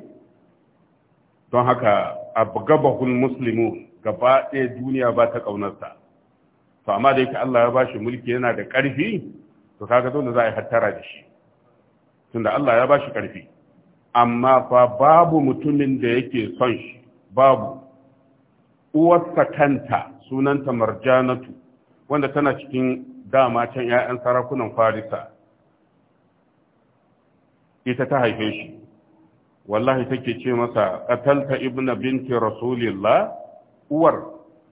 don haka abgabahul muslimu gaba ɗaya duniya ba ta ƙaunarsa to amma da yake Allah ya ba shi mulki yana da ƙarfi to kaga dole za a yi hattara da shi tunda Allah ya ba shi ƙarfi amma fa babu mutumin da yake son shi babu Uwar kanta sunanta marjanatu wanda tana cikin dama can 'ya'yan sarakunan farisa ita ta haife shi wallahi take ce masa qatalta ibna binti rasulillah uwar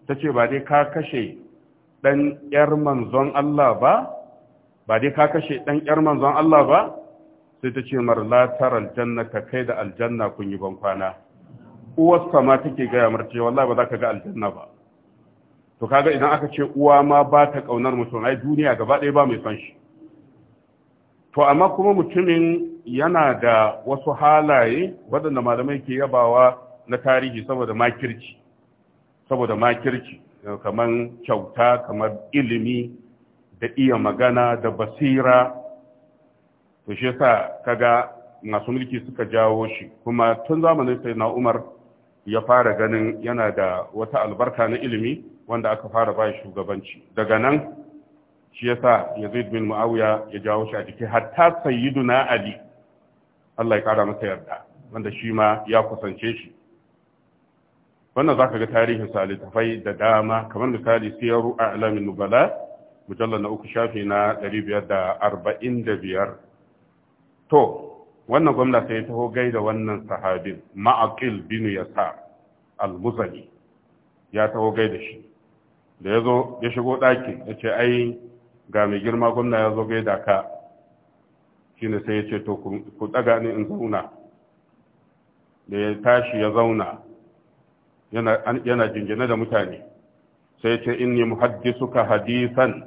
ce ba dai ka kashe ɗan yar manzon Allah ba ba dai ka kashe ɗan yar manzon Allah ba sai tace mar latar aljanna, ka kai da aljanna kun yi bankwana. kwana uwarsa ma take gaya marce wallahi ba za ka ga aljanna ba to kaga idan aka ce uwa ma ba ta kaunar mutum ai duniya gaba ɗaya ba mai san shi to amma kuma mutumin yana da wasu halaye waɗanda malamai ke yabawa na tarihi saboda makirci saboda makirci kamar kyauta kamar ilimi da iya magana da basira to shi yasa kaga masu mulki suka jawo shi kuma tun zamanin sai na umar ya fara ganin yana da wata albarka na ilimi wanda aka fara ba shugabanci daga nan shi yasa yazid bin muawiya ya jawo shi a jiki hatta sayyiduna ali Allah ya kara masa yarda wanda shi ma ya kusance shi wannan zaka ga tarihin sa da dama kamar misali siyaru a'lamin nubala mujallar na uku shafi na 545 to wannan gwamna sai ya taho da wannan sahabin ma'aqil bin yasar al-muzani ya taho da shi da ya zo ya shigo ɗakin ya ce ai ga mai girma gwamna ya zo gaida ka shine sai ya ce to ku ɗaga ni in zauna da ya tashi ya zauna yana jingine da mutane sai ce inni muhaddisuka hadisan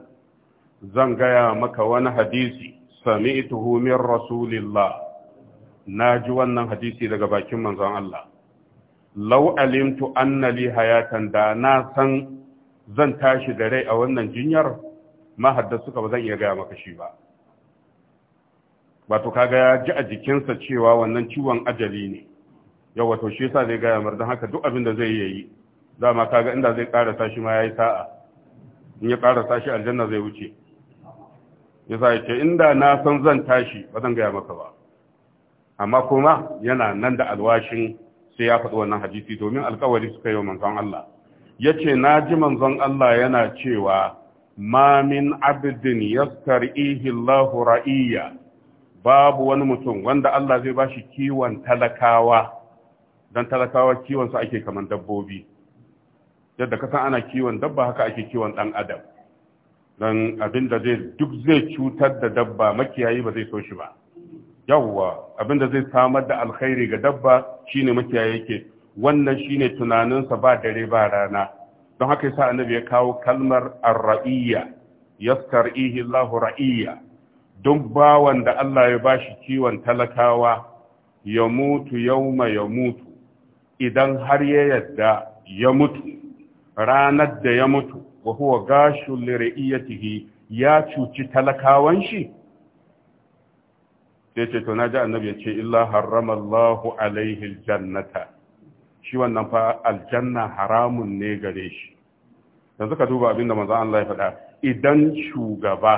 zan gaya maka wani hadisi sami'tuhu min rasulillah na ji wannan hadisi daga bakin manzon Allah law alimtu anna li hayatan da na san zan tashi da rai a wannan jinyar ma suka ba zan iya gaya maka shi ba wato kaga ya ji a jikinsa cewa wannan ciwon ajali ne yau wato shi yasa zai gaya mar don haka duk abin da zai yi dama kaga inda zai ƙara tashi ma yayi sa'a in ya ƙara tashi, aljanna zai wuce yasa ce inda na san zan tashi ba zan gaya maka ba amma kuma yana nan da alwashin sai ya faɗi wannan hadisi domin alkawari suka yi wa manzon Allah ya ce na ji manzon Allah yana cewa ma min abdin yastar'ihi Allahu ra'iyya babu wani mutum wanda Allah zai bashi kiwon talakawa don talakawa kiwon su ake kaman dabbobi yadda ka san ana kiwon dabba haka ake kiwon dan adam don abinda zai duk zai cutar da dabba makiyayi ba zai so shi ba yawwa abinda zai samar da alkhairi ga dabba shine makiyaye yake wannan shine tunaninsa ba dare ba rana don haka yasa annabi ya kawo kalmar ar-ra'iyya yaskarihi Allahu ra'iyya don bawan da Allah ya bashi ciwon talakawa ya mutu yauma ya mutu idan har ya yadda ya mutu ranar da ya mutu wa huwa gashul li ya cuci talakawan shi sai ce to naji annabi ya ce illa haramallahu alaihi aljannata shi wannan fa aljanna haramun ne gare shi yanzu ka duba abinda manzo Allah ya faɗa idan shugaba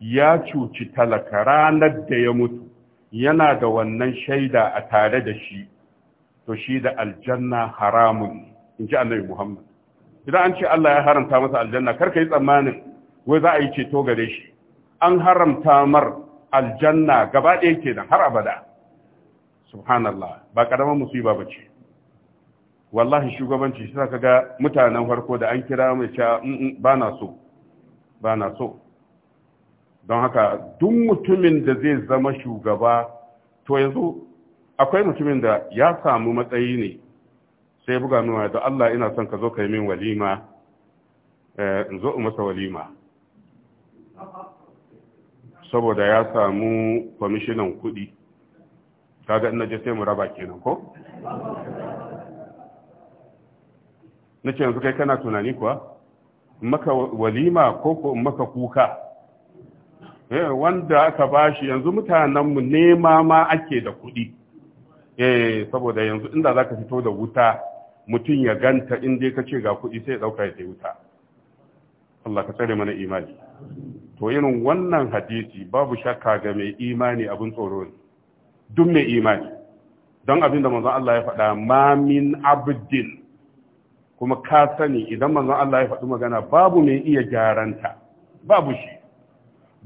ya cuci talaka ranar da ya mutu yana da wannan shaida a tare da shi to shi da aljanna haramun in ji annabi Muhammad idan an ce Allah ya haramta masa aljanna kar ka yi tsammanin wai za a yi ceto gare shi an haramta mar aljanna gaba ɗaya ke nan har abada subhanallah ba ƙaramin musiba ba ce wallahi shugabanci shi ka ga mutanen farko da an kira mai cewa ba na so ba na so don haka duk mutumin da zai zama shugaba to yanzu akwai mutumin da ya samu matsayi ne sai buga nuna da Allah ina son ka zo ka yi min walima eh, in zo in masa walima saboda ya samu kwamishinan kuɗi kaga ina je sai mu raba kenan ko ce yanzu kai kana tunani kuwa maka walima ko ko maka kuka eh wanda aka bashi yanzu mutanen mu nema ma ake da kuɗi eh saboda yanzu inda zaka fito da wuta mutum ya ganta in dai ka ga kuɗi sai ya dauka ya wuta Allah ka tsare mana imani to irin wannan hadisi babu shakka ga mai imani abin tsoro ne duk mai imani don abin da manzon Allah ya faɗa ma min abdin kuma ka sani idan manzon Allah ya faɗi magana babu mai iya gyaranta babu shi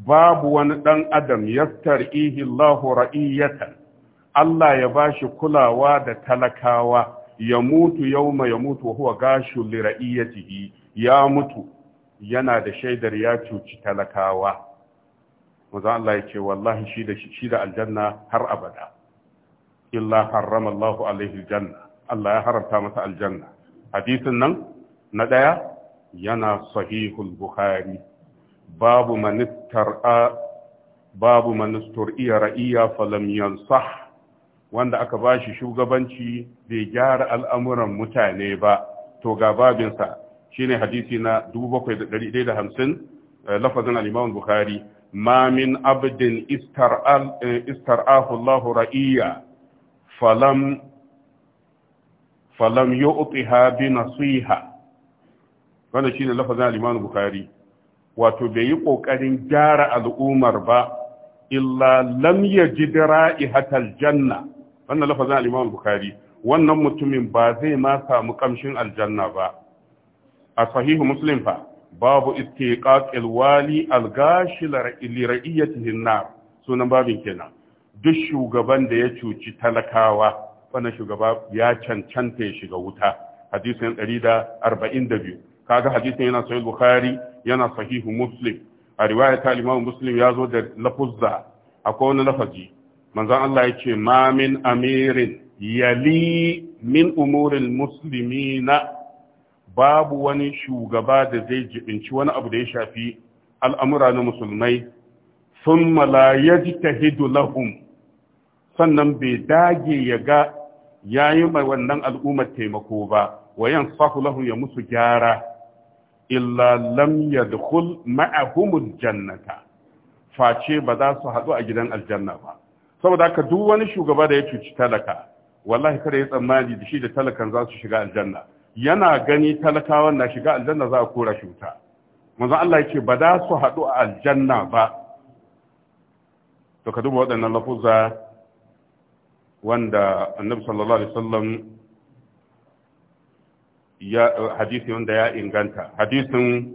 babu wani ɗan adam yastar ihillahu ra'iyatan Allah ya bashi kulawa da talakawa ya mutu yauma ya mutu huwa gashu li ra'iyatihi ya mutu yana da shaidar ya cuci talakawa maza Allah ya ce wallahi shi da shi da aljanna har abada illa harrama Allah alaihi janna. Allah ya haramta masa aljanna hadisin nan na daya yana sahihul bukhari babu man tar'a babu man iya ra'iya falam yansah wanda aka bashi shugabanci bai gyara al'amuran mutane ba to ga babinsa shine hadisi na 7150 eh, lafazin al-Imam Bukhari ma min abdin eh, istar'ahu Allah ra'iya falam falam yu'tiha bi nasiha wannan shine lafazin al-Imam Bukhari wato bai yi kokarin gyara al'ummar ba illa lam yajid ra'ihatal janna wannan lafazin al-Imam Bukhari wannan mutumin ba zai ma samu kamshin aljanna ba a sahihu muslim fa babu istiqaqil wali al-gashil li sunan babin kenan duk shugaban da ya cuci talakawa wannan shugaba ya cancanta ya shiga wuta hadisin 142 kaga hadisin yana sahih bukhari yana sahihu muslim a riwaya ta imam muslim ya zo da lafuzza akwai wani lafazi manzon Allah ya ce mamin amirin yali min umuril muslimina babu wani shugaba da zai jibinci wani abu da ya shafi al'amura na musulmai sun malayaji ta lahum sannan bai dage ya ga ya yi mai wannan al'ummar taimako ba wayan sahu lahum ya musu gyara illa lam hul ma'ahumul jannata face ba za su haɗu a gidan aljanna ba saboda haka duk wani shugaba da ya cuci talaka wallahi kada ya tsammani da shi da talakan za su shiga aljanna yana gani talakawan na shiga aljanna za a kora shi wuta manzo Allah yake ba za su haɗu a aljanna ba to ka duba waɗannan lafuzza wanda annabi sallallahu alaihi wasallam ya hadisi wanda ya inganta hadisin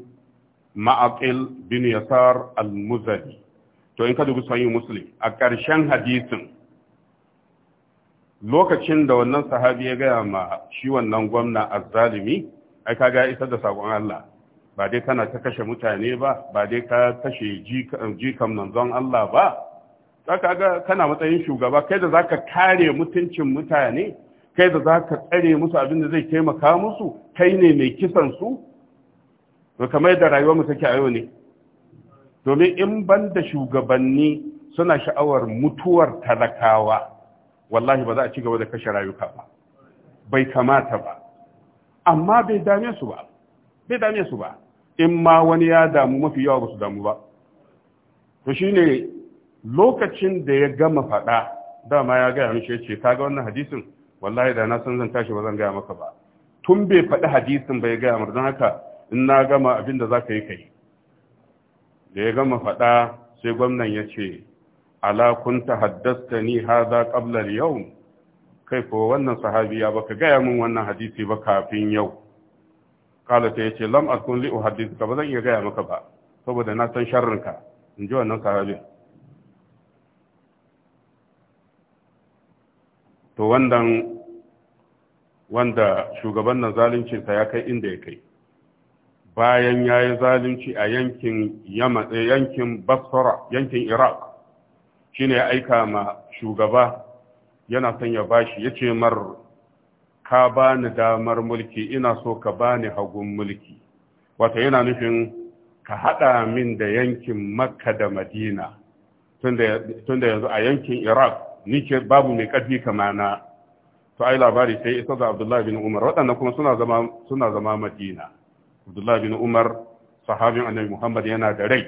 ma'aqil bin yasar al-muzani to in ka dubi sahih muslim a ƙarshen hadisin lokacin da wannan sahabi ya gaya ma shi wannan gwamna azzalimi ai kaga isar da sakon Allah ba dai kana ta kashe mutane ba ba dai ka kashe jikan manzon Allah ba zaka ga kana matsayin shugaba kai da zaka kare mutuncin mutane kai da zaka tsare musu abin da zai taimaka musu kai ne mai kisan su to kamar da rayuwar mu take a yau ne domin in banda shugabanni suna sha'awar mutuwar talakawa wallahi ba za a ci gaba da kashe rayuka ba bai kamata ba amma bai dame su ba bai dame su ba in ma wani ya damu mafi yawa ba su damu ba to shine lokacin da ya gama faɗa dama ya gaya mishi ya ce kaga wannan hadisin wallahi da na san zan tashi ba zan gaya maka ba tun bai faɗi hadisin bai gaya mar don haka in na gama abin da za ka yi kai da ya gama faɗa sai gwamnan ya ce ala ta haddasta ni haza ƙablar yau? kai ko wannan sahabiya baka gaya min wannan hadisi ba kafin yau kala ta yace lam akun li uhaddithuka ba zan iya gaya maka ba saboda na san sharrinka in ji wannan sahabiya to wannan wanda shugaban nan zaluncinsa ya kai inda ya kai bayan ya yi zalunci a yankin eh, yankin basra yankin iraq shine ya aika ma shugaba yana son ya bashi ya ce mar ka bani damar mulki ina so ka bani hagun mulki Wata yana nufin ka haɗa min da yankin makka da madina da yanzu a yankin iraq nike babu mai ƙarfi kamana to ai labari sai isa da abdullahi bin umar waɗannan kuma suna zama madina abdullahi bin umar sahabin annabi muhammad yana da rai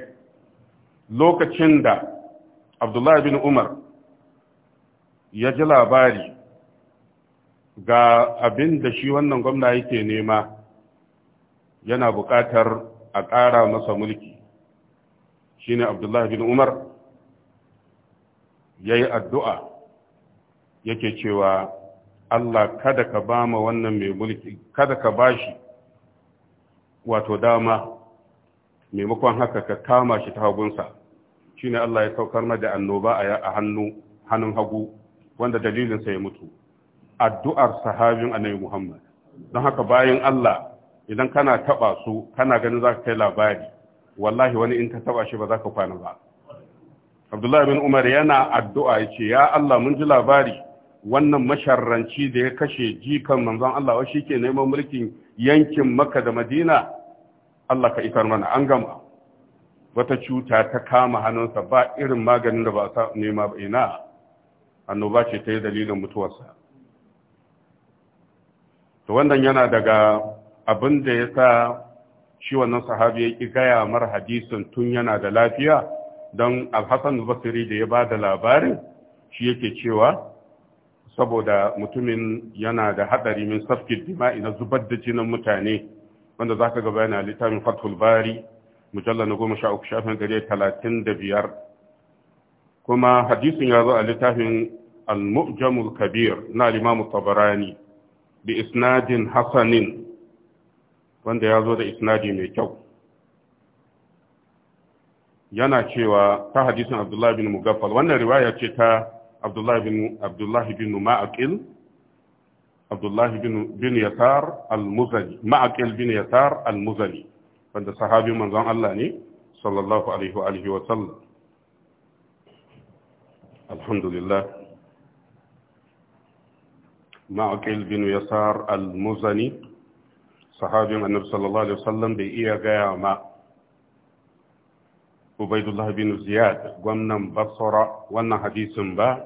lokacin da abdullahi bin umar ya ji labari ga abin da shi wannan gwamna yake nema yana buƙatar a ƙara masa mulki Shi ne abdullahi bin umar ya yi addu'a yake cewa Allah kada ka ba ma wannan mai mulki kada ka ba shi wato dama maimakon haka ka kama shi ta hagunsa shine Allah ya saukar da annoba a hannu hannun hagu wanda dalilin sa ya mutu addu'ar sahabin annabi Muhammad don haka bayan Allah idan kana taba su kana ganin zaka kai labari wallahi wani in ka taba shi ba zaka kwana ba Abdullahi bin Umar yana addu'a yace ya Allah mun ji labari wannan masharranci da ya kashe jikan manzon Allah wa shi ke neman mulkin yankin Makka da Madina Allah ka isar mana an gama wata cuta ta kama hannunsa ba irin maganin da ba a nema ba ina annoba ce ta yi dalilin mutuwarsa to wannan yana daga abin da ya sa shi wannan sahabi ya ƙi gaya mar hadisin tun yana da lafiya don alhassan basiri da ya ba da labarin shi yake cewa saboda mutumin yana da haɗari min safkin dima'i na zubar da jinin mutane wanda za ka gaba yana littafin fatul bari mujalla na goma sha uku shafin ɗari talatin da biyar kuma hadisin ya zo a littafin al-mu'jamul kabir na limamu tabarani bi isnadin hasanin wanda ya zo da isnadi mai kyau yana cewa ta hadisin abdullahi bin mugaffal wannan riwaya ce ta abdullahi bin yasar al bin yasar al-muzani wanda sahabi manzon Allah ne sallallahu alaihi wa alihi wa sallam alhamdulillah ma'aqil bin yasar al-muzani sahabin annabi sallallahu alaihi wa sallam bai iya gaya ma ubaidullah bin ziyad gwamnan basra wannan hadisin ba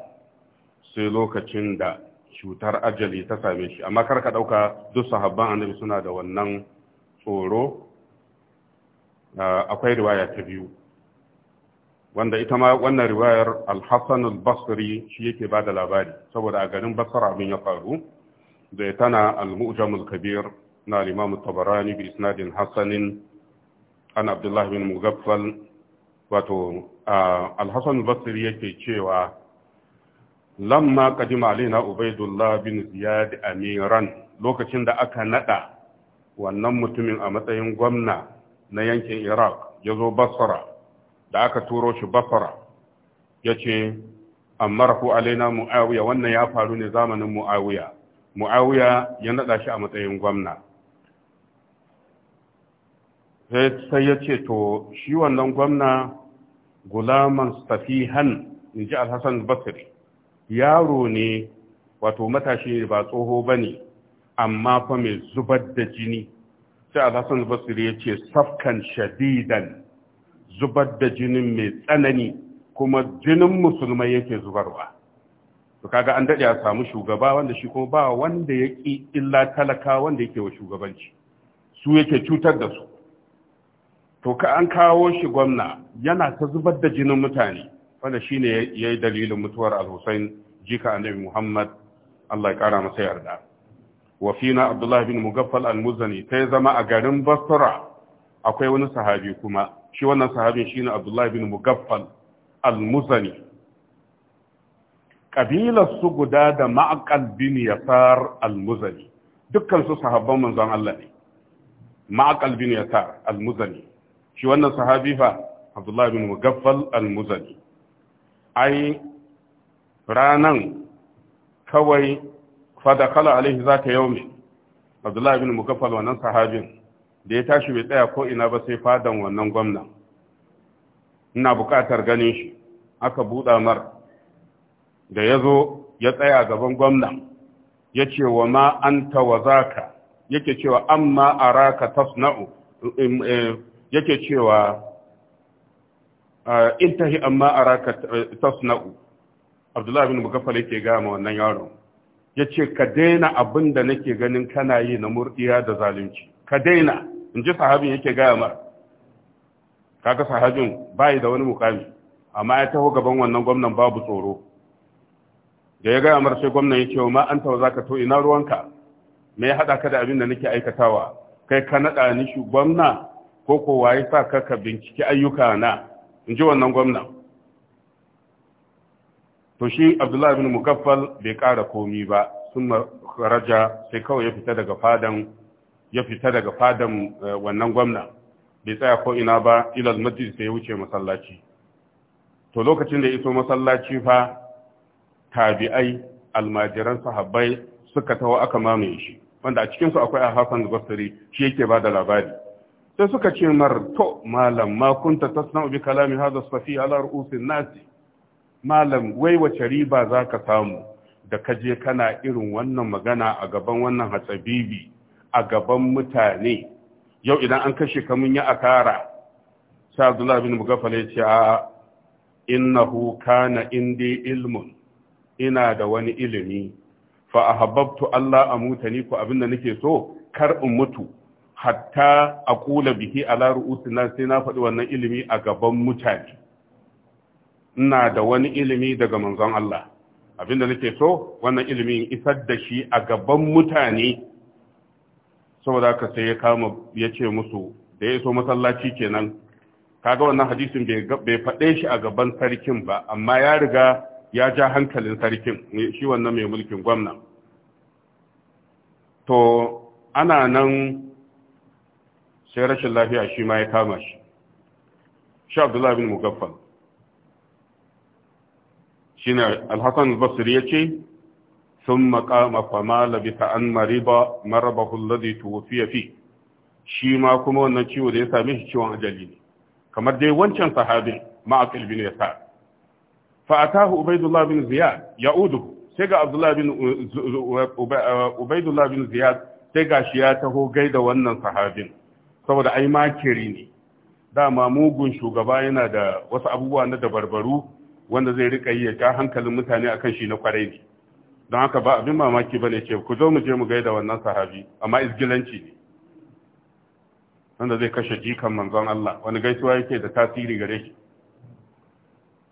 sai lokacin da cutar ajali ta same shi amma karka dauka duk sahabban annabi suna da wannan tsoro Ah, akwai riwaya ta biyu wanda ita ma wannan riwayar al-hassan al-basri shi yake ba da labari saboda a garin basra abin ya faru da tana al-mu'jam al-kabir na al-imam tabarani bi isnadin hassanin an abdullah bin mugaffal wato al-hassan al-basri yake cewa lamma qadima alaina ubaidullah bin ziyad amiran lokacin da aka nada wannan mutumin a matsayin gwamna na yankin iraq ya zo basara da aka turo shi basara ya ce ammarku alaina mu'awiya wannan ya faru ne zamanin mu'awiya mu'awiya ya naɗa shi a matsayin gwamna sai ya ce to shi wannan gwamna gulaman safihan in ji alhassan basri yaro ne wato matashi ba tsoho ba ne amma fa mai zubar da jini sai alhassan basiri ya ce safkan shadidan zubar da jinin mai tsanani kuma jinin musulmai yake zubarwa to kaga an dade a samu shugaba wanda shi kuma ba wanda ya ki illa talaka wanda yake wa shugabanci su yake cutar da su to ka an kawo shi gwamna yana ta zubar da jinin mutane wanda ne ya yi dalilin mutuwar al husayn jika annabi Muhammad Allah ya kara masa yarda wafina abdullahi bin mugaffal al-muzani ta zama a garin basra akwai wani sahabi kuma shi wannan sahabin shine abdullahi bin mugaffal al-muzani kabilar su guda da ma'aqal bin yasar al-muzani dukkan su sahabban manzon Allah ne ma'aqal bin yasar al-muzani shi wannan sahabi fa abdullahi bin mugaffal al-muzani ai ranan kawai kala alaihi za ta yaumi abdullahi bin mukaffal wannan sahabin da ya tashi bai tsaya ko ina ba sai fadan wannan gwamna ina buƙatar ganin shi aka buɗa mar da ya zo ya tsaya gaban gwamna ya ce wa ma an za ka yake cewa amma araka tasna'u eh, yake cewa in ah, intahi amma araka eh, tasna'u abdullahi bin mukaffal yake gama wannan yaron ya ce ka daina abin da nake ganin kana yi na murdiya da zalunci ka daina in ji sahabin yake gaya mar kaga sahabin bayi da wani mukami amma ya taho gaban wannan gwamnan babu tsoro da ya gaya mar sai gwamnan ya ce ma an tawa zaka to ina ruwanka me ya haɗa ka da abin da nake aikatawa kai ka naɗa ni shi gwamna ko ko waye sa ka ka binciki ayyuka na in ji wannan gwamnan to shi abdullahi bin mukaffal bai kara komi ba sun raja sai kawai ya fita daga fadan ya fita daga fadan eh, wannan gwamna bai tsaya ko ina ba ilal masjid sai ya wuce masallaci to lokacin da ya iso masallaci fa tabi'ai almajiran sahabbai suka taho aka mamaye shi wanda a cikinsu akwai a Hassan Basri shi yake bada labari sai suka ce mar to malam ma kunta tasna'u bi kalami hadha safi ala ru'usin nasi malam wai wace riba za ka samu da ka je kana irin wannan magana a gaban wannan hatsabibi a gaban mutane yau idan an kashe ka mun yi akara sai abdullah bin mugaffal ya ce a innahu kana indi ilmun ina da wani ilimi fa ahabbtu allah amuta ni ko abinda nake so kar in mutu hatta aqula bihi ala na sai na faɗi wannan ilimi a gaban mutane ina da wani ilimi daga manzon Allah abinda nake so wannan ilimin isar da shi a gaban mutane saboda ka sai ya kama ya ce musu da ya iso masallaci kenan kaga wannan hadisin bai faɗe shi a gaban sarkin ba amma ya riga ya ja hankalin sarkin shi wannan mai mulkin gwamna to ana nan sai rashin lafiya shi ma ya kama shi shi abdullahi bin mugaffal Shin alhassan basri ya ce sun makama fama labita an mariba marabahun ladi tuwafiya fi shi ma kuma wannan ciwo da ya same shi ciwon ajali ne kamar dai wancan sahabin ma'aƙil bin sa. fa'atahu ubaidullah bin ziyad ya'udu sai ga abdullah bin ubaidullah bin ziyad sai ga shi ya taho gaida wannan sahabin saboda ai makiri ne dama mugun shugaba yana da wasu abubuwa na dabarbaru wanda zai rika yi ya ja hankalin mutane akan shi na kwarai ne don haka ba abin mamaki ba ne ce ku zo mu je mu gaida wannan sahabi amma izgilanci ne wanda zai kashe jikan manzon Allah wani gaisuwa yake da tasiri gare shi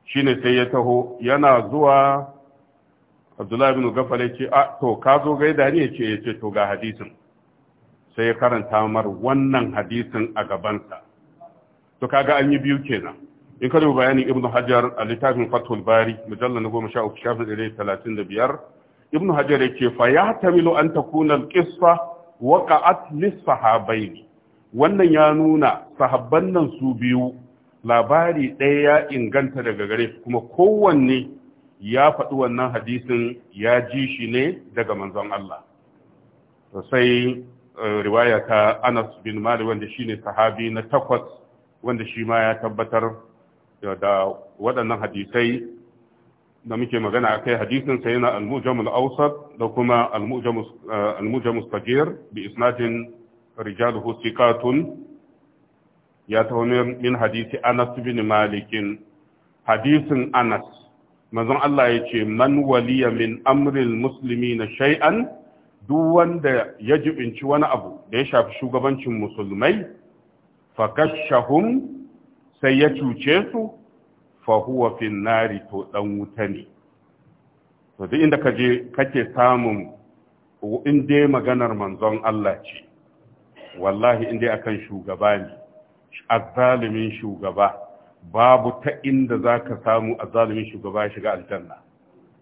Shi ne sai ya taho yana zuwa Abdullahi bin Gafale ce a ah, to ka zo gaida ne ce ya ce to ga hadisin sai ya karanta mar wannan hadisin a gabansa to kaga an yi biyu kenan in ka duba bayanin Ibn hajar a littafin fathul bari mujallar na goma sha uku shafin ɗari talatin da biyar ibnu hajar yake fa ya tamilu an takuna alqissa waqa'at lis-sahabaini wannan ya nuna sahabban nan su biyu labari ɗaya ya inganta daga gare kuma kowanne ya faɗi wannan hadisin ya ji shi ne daga manzon Allah sai eh, riwaya ta Anas bin mali wanda ne sahabi na takwas wanda shi ma ya tabbatar da waɗannan hadisai da muke magana akai hadisin sa yana al-mujamul awsat da kuma al-mujamus eh, sagir bi isnadin rijaluhu thiqatun ya taho min hadisi Anas bin Malikin hadisin Anas manzon Allah ya ce man waliya min amril muslimina shay'an duk wanda ya jibinci wani abu da ya shafi shugabancin musulmai fakashahum sai ya cuce su fahuwa fin nari to ɗan wuta ne to duk inda kaje kake samun in dai maganar manzon Allah ce wallahi in dai akan shugaba ne azzalimin shugaba babu ta inda za ka samu azzalimin shugaba ya shiga aljanna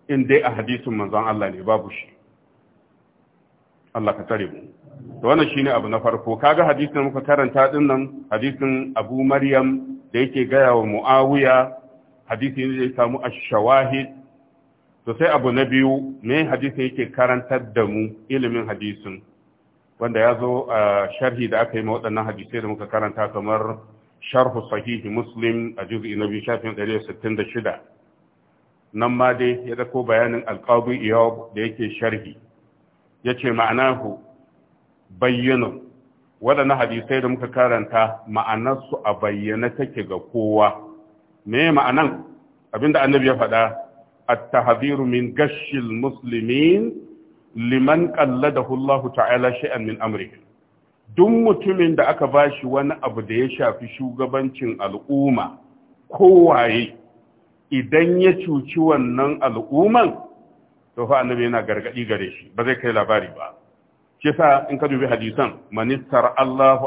in dai a hadisin manzon Allah ne babu shi Allah ka tsare mu to wannan shine abu na farko kaga hadisin muka karanta din nan hadisin Abu Maryam da yake gaya wa Muawiya hadisi ne da ya samu ash-shawahid to sai abu na biyu me hadisin yake karantar da mu ilimin hadisin wanda ya zo a sharhi da aka yi ma waɗannan hadisai da muka karanta kamar sharhu sahihi muslim a juz'i na biyu shafin shida nan ma dai ya ɗauko bayanin alƙawbi iyab da yake sharhi yace ma'anahu bayyana waɗannan hadisai da muka karanta ma'anarsu a bayyana take ga kowa me ma'anan abinda annabi ya faɗa at-tahdhiru min gashil muslimin liman qalladahu Allah ta'ala shay'an min amrihi duk mutumin da aka bashi wani abu da ya shafi shugabancin al'umma kowaye idan ya cuci wannan al'umman to fa annabi yana gargadi gare shi ba zai kai labari ba shi yasa in ka dubi hadisan manistar Allahu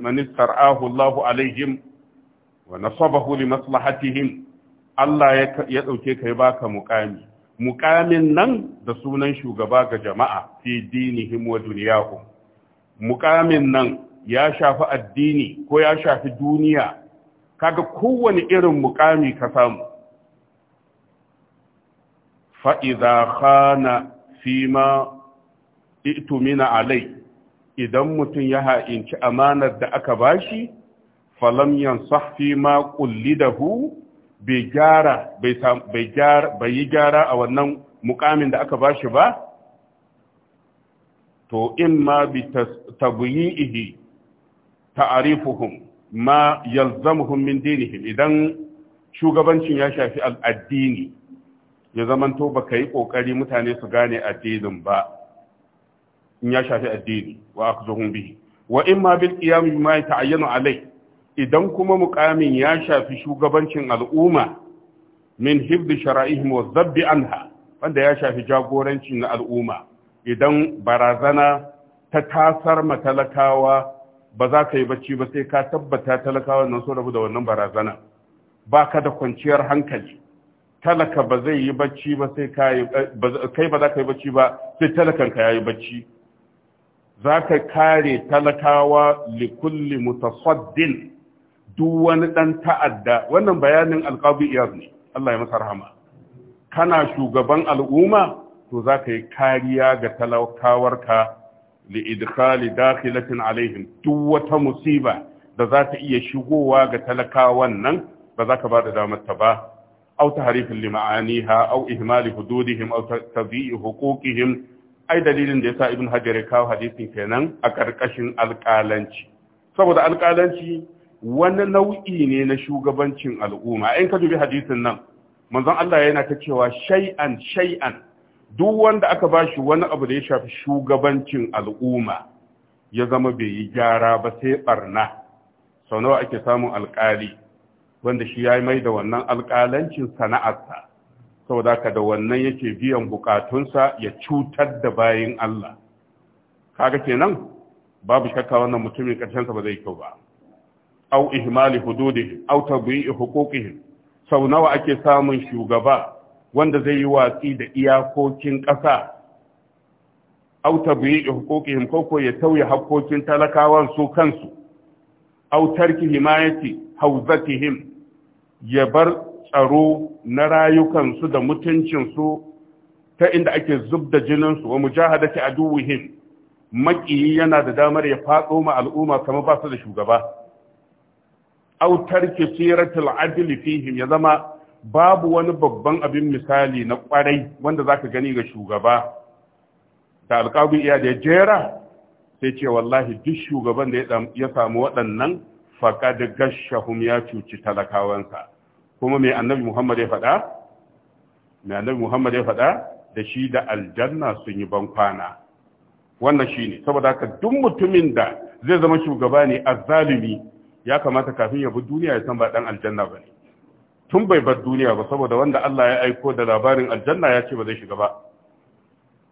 manistar ahu Allahu alaihim wa nasabahu li maslahatihim Allah ya dauke kai baka muqami muqamin nan da sunan shugaba ga jama'a fi dinihim wa dunyahum muqamin nan ya shafi addini ko ya shafi duniya kaga kowane irin mukami ka samu fa'iza khana fima itumina alai idan mutum ya ha'inci amanar da aka bashi falam yansah fima hu, bai gyara bai yi gyara a wannan mukamin da aka bashi ba to in ma bi tabyi'ihi ta'arifuhum ma yalzamuhum min dinihim idan shugabancin ya shafi al'addini ya zamanto ba ka yi ƙoƙari mutane su gane addinin ba in ya shafi addini wa aka zuhun bihi wa in ma bil qiyam ma ta'ayyanu alai idan kuma muƙamin ya shafi shugabancin al'umma min hibdi shara'ihim wa dhabb anha wanda ya shafi jagoranci na al'umma idan barazana ta tasar talakawa, ba za ka yi bacci ba sai ka tabbata talakawa nan so rabu da wannan barazana ba ka da kwanciyar hankali talaka ba zai yi bacci ba sai eh, kai ba za ka yi bacci ba sai talakanka ya yi bacci za ka kare talakawa likulli mutasaddin duk wani ɗan ta'adda wannan bayanin alƙabi iyaz ne Allah ya masa rahama kana shugaban al'umma to za ka yi kariya ga talakawarka li'idkhali dakhilatin alaihim duk wata musiba da za ta iya shigowa ga talakawan nan ba za ka ba da damar ta ba aw tahrifin lima'aniha aw ihmali hududihim aw tadhi'i huquqihim ai dalilin da yasa ibn hajar ya kawo hadisin kenan a karkashin alƙalanci saboda alƙalanci wani nau'i ne na shugabancin al'umma in ka dubi hadisin nan manzon Allah yana ta cewa shay'an shay'an duk wanda aka bashi wani abu da ya shafi shugabancin al'umma ya zama bai yi gyara ba sai barna sau nawa ake samun alƙali wanda shi ya mai da wannan alƙalancin sana'arsa saboda ka da wannan yake biyan bukatunsa ya cutar da bayan Allah kaga kenan babu shakka wannan mutumin sa ba zai kyau ba au ihmali hududihi au tabyi'i huquqihi sau nawa ake samun shugaba wanda zai yi watsi da iyakokin ƙasa au tabyi'i huquqihim ko ko ya tauye hakokin talakawan su kansu au tarki himayati hauzatihim ya bar tsaro na rayukansu da mutuncinsu ta inda ake zub da jininsu wa ke aduwuhin maƙiyi yana da damar ya faɗo ma al'umma kama ba su da shugaba autar kisiratul adli fihim ya zama babu wani babban abin misali na ƙwarai wanda zaka gani ga shugaba da alƙawun iya da ya jera sai ce wallahi duk shugaban da ya samu waɗannan da gashahum ya cuci talakawansa kuma mai annabi Muhammad ya faɗa mai annabi Muhammad ya faɗa da shi da aljanna sun yi ban kwana wannan shine saboda haka duk mutumin da zai zama shugaba ne azzalimi ya kamata kafin ya bi duniya ya san ba dan aljanna ne. tun bai bar duniya ba saboda wanda Allah ya aiko da labarin aljanna ya ce ba zai shiga ba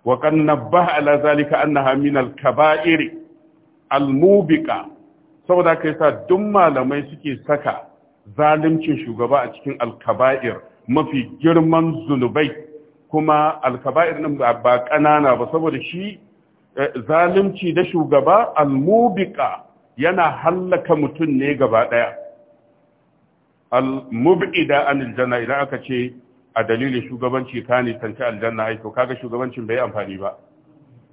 wa kan ala zalika annaha min al-kaba'ir al-mubiqa saboda haka sa duk malamai suke saka zalimcin shugaba a cikin alkaba'ir mafi girman zunubai kuma alkaba'ir nan ba ƙanana ba saboda shi eh, zalimci da shugaba almubika yana hallaka mutum ne gaba ɗaya almubida an aljanna idan aka ce a dalilin shugabanci ka ne tanci aljanna aiko kaga shugabancin bai amfani ba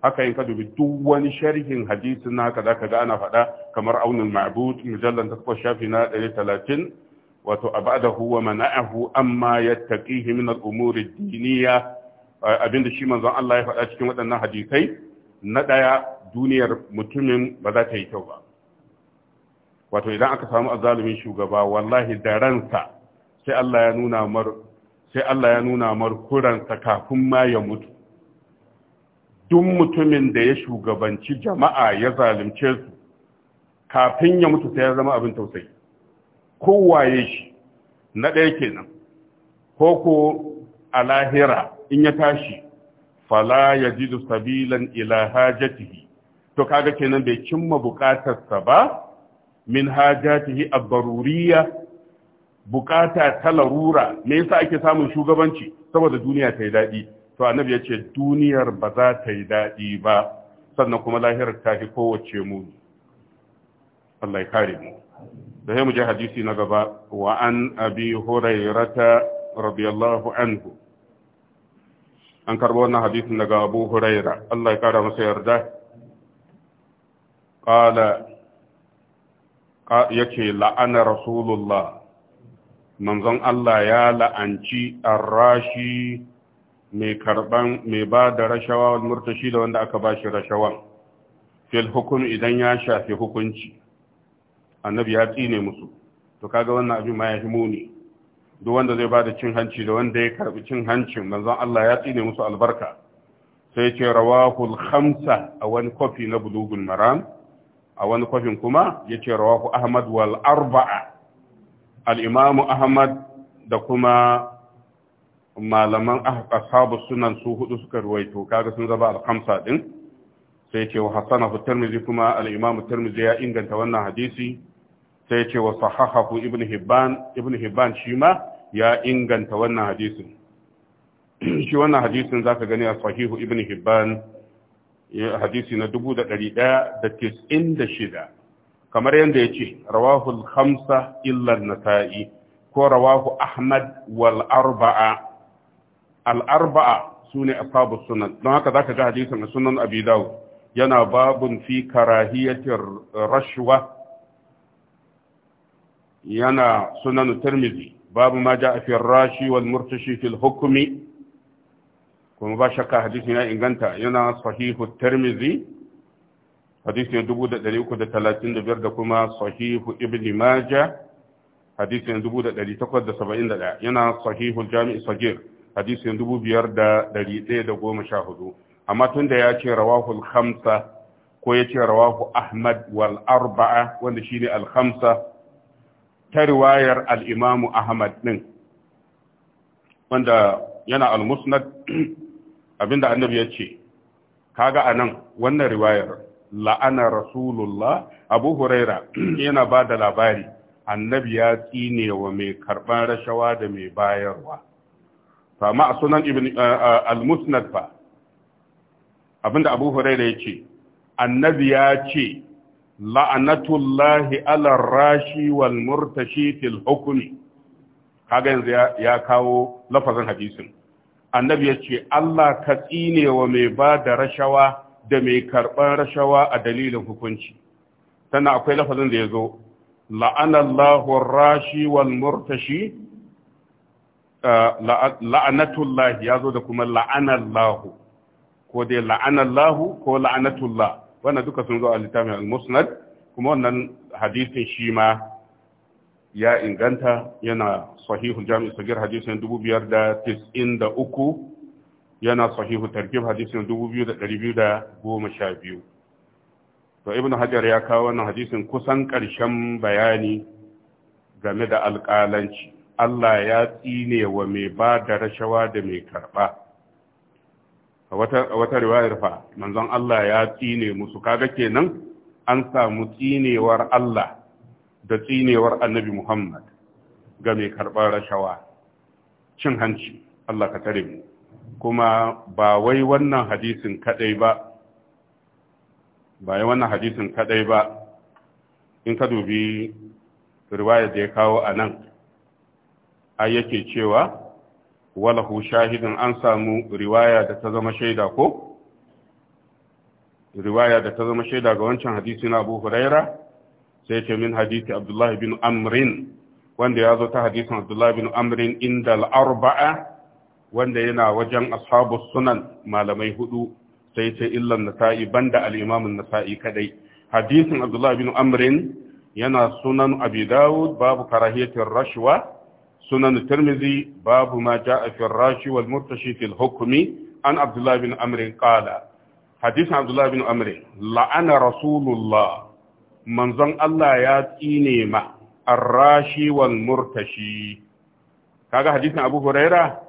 haka in ka dubi duk wani sharhin hadisin naka zaka ga ana faɗa kamar aunin ma'bud mujallan takwas shafi na 130 wato abadahu wa mana'ahu amma ya taƙi al-umuri diniya abinda shi manzon Allah ya faɗa cikin waɗannan hadisai na ɗaya duniyar mutumin ba za ta yi kyau ba wato idan aka samu azzalumin shugaba wallahi da ransa sai Allah ya nuna mar sai Allah ya nuna mar kuransa kafin ma ya mutu duk mutumin da ya shugabanci jama'a ya zalunce su kafin ya mutu sai ya zama abin tausayi kowaye shi na ɗaya kenan ko ko a lahira in ya tashi fala ya ji da sabilan ila hajatihi to kaga kenan bai cimma bukatarsa ba min hajatihi baruriya bukata ta larura me yasa ake samun shugabanci saboda duniya ta yi daɗi to annabi ya ce duniyar ba za ta yi daɗi ba sannan kuma lahirar ta fi kowace mu Allah ya kare mu da je hadisi na gaba wa an abi hurairata radiyallahu anhu an karbo wannan hadisin daga abu huraira Allah ya kara masa yarda qala yake la'ana rasulullah manzon Allah ya la'anci arrashi mai karban mai ba da rashawa wal murtashi da wanda aka bashi rashawan fil hukum idan ya shafi hukunci annabi ya tsine musu to kaga wannan abin ma ya himu ne duk wanda zai ba da cin hanci da wanda ya karbi cin hancin manzon Allah ya tsine musu albarka sai ce rawahul khamsa a wani kofi na bulugul maram a wani kofin kuma yace ce rawahu ahmad wal arba'a al-imamu ahmad da kuma malaman ah, ashabu sunan su hudu suka ruwaito kaga sun zaba al-khamsa din sai ce wa hasanahu tirmidhi kuma al-imamu tirmidhi ya inganta wannan hadisi sai ce wa sahahahu ibn hibban ibn hibban shi ma ya inganta wannan hadisin shi wannan hadisin zaka gani a sahihu ibn hibban hadisi na dubu da da shida? kamar yadda ya ce rawahu al-khamsa illa an-nasa'i ko rawahu ahmad wal arba'a al'arba'a su ne ashabu sunan don haka za ka ji a sunan abi yana babun fi karahiyatir rashwa yana sunan tirmidhi babu ma ja a fi rashi wal murtashi fil hukumi. kuma ba shakka hadisi na inganta yana sahihu tirmidhi hadisi ne 1335 da kuma sahihu ibn majah hadisi ne 1871 yana sahihu jami'i sagir hadisin dubu biyar da dari ɗaya da goma sha hudu amma tun da ya ce rawahu al-khamsa ko ya ce rawahu ahmad wal arba'a wanda shine al-khamsa ta riwayar al-imamu ahmad din wanda yana al-musnad abinda annabi ya ce kaga anan wannan riwayar la'ana rasulullah abu huraira yana ba da labari annabi ya tsine wa mai karban rashawa da mai bayarwa fama a sunan ibn eh, eh, al-musnad fa abinda abu huraira ya ce annabi ya ce la'anatullahi ala rashi wal murtashi fil hukmi yanzu ya kawo lafazin hadisin annabi ya ce Allah ka tsine wa mai ba da rashawa da mai karɓar rashawa a dalilin hukunci Tana akwai lafazin da ya zo la'anallahu rashiwalmurtashi. La'anatullahi ya zo da kuma la'anallahu ko dai la'anallahu ko la'anatullah wannan duka sun zo a littafin al-musnad kuma wannan hadisin shi ma ya inganta yana sahihul jami'u sagir hadisin 2593 yana sahihu tarkib hadisin 2212 to ibnu hajar ya kawo wannan hadisin kusan ƙarshen bayani game da alƙalanci Allah ya tsine wa mai ba da rashawa da mai karɓa a wata riwayar fa manzon Allah ya tsine musu kaga kenan an samu tsinewar Allah da tsinewar annabi Muhammad ga mai karɓar rashawa cin hanci Allah ka tare mu kuma ba wai wannan hadisin kadai ba ba yi wannan hadisin kaɗai ba in ka dubi riwayar da ya kawo a nan a yake cewa walahu shahidin an samu riwaya da ta zama shaida ko riwaya da ta zama shaida ga wancan hadisi na Abu Huraira sai ce min hadisi Abdullah bin Amrin wanda ya zo ta hadisin Abdullah bin Amrin inda al-arba'a wanda yana wajen ashabu sunan malamai hudu sai ce illan nasa'i banda al-imam an-nasa'i kadai hadisin Abdullah bin Amrin yana sunan Abi Dawud babu karahiyatir rashwa sunan tirmizi babu ma ja'a fi rashi wal murtashi fil an abdullah bin amr qala hadith abdullah bin amr la'ana rasulullah manzon Allah ya tsine ma arrashi wal murtashi kaga hadisin abu huraira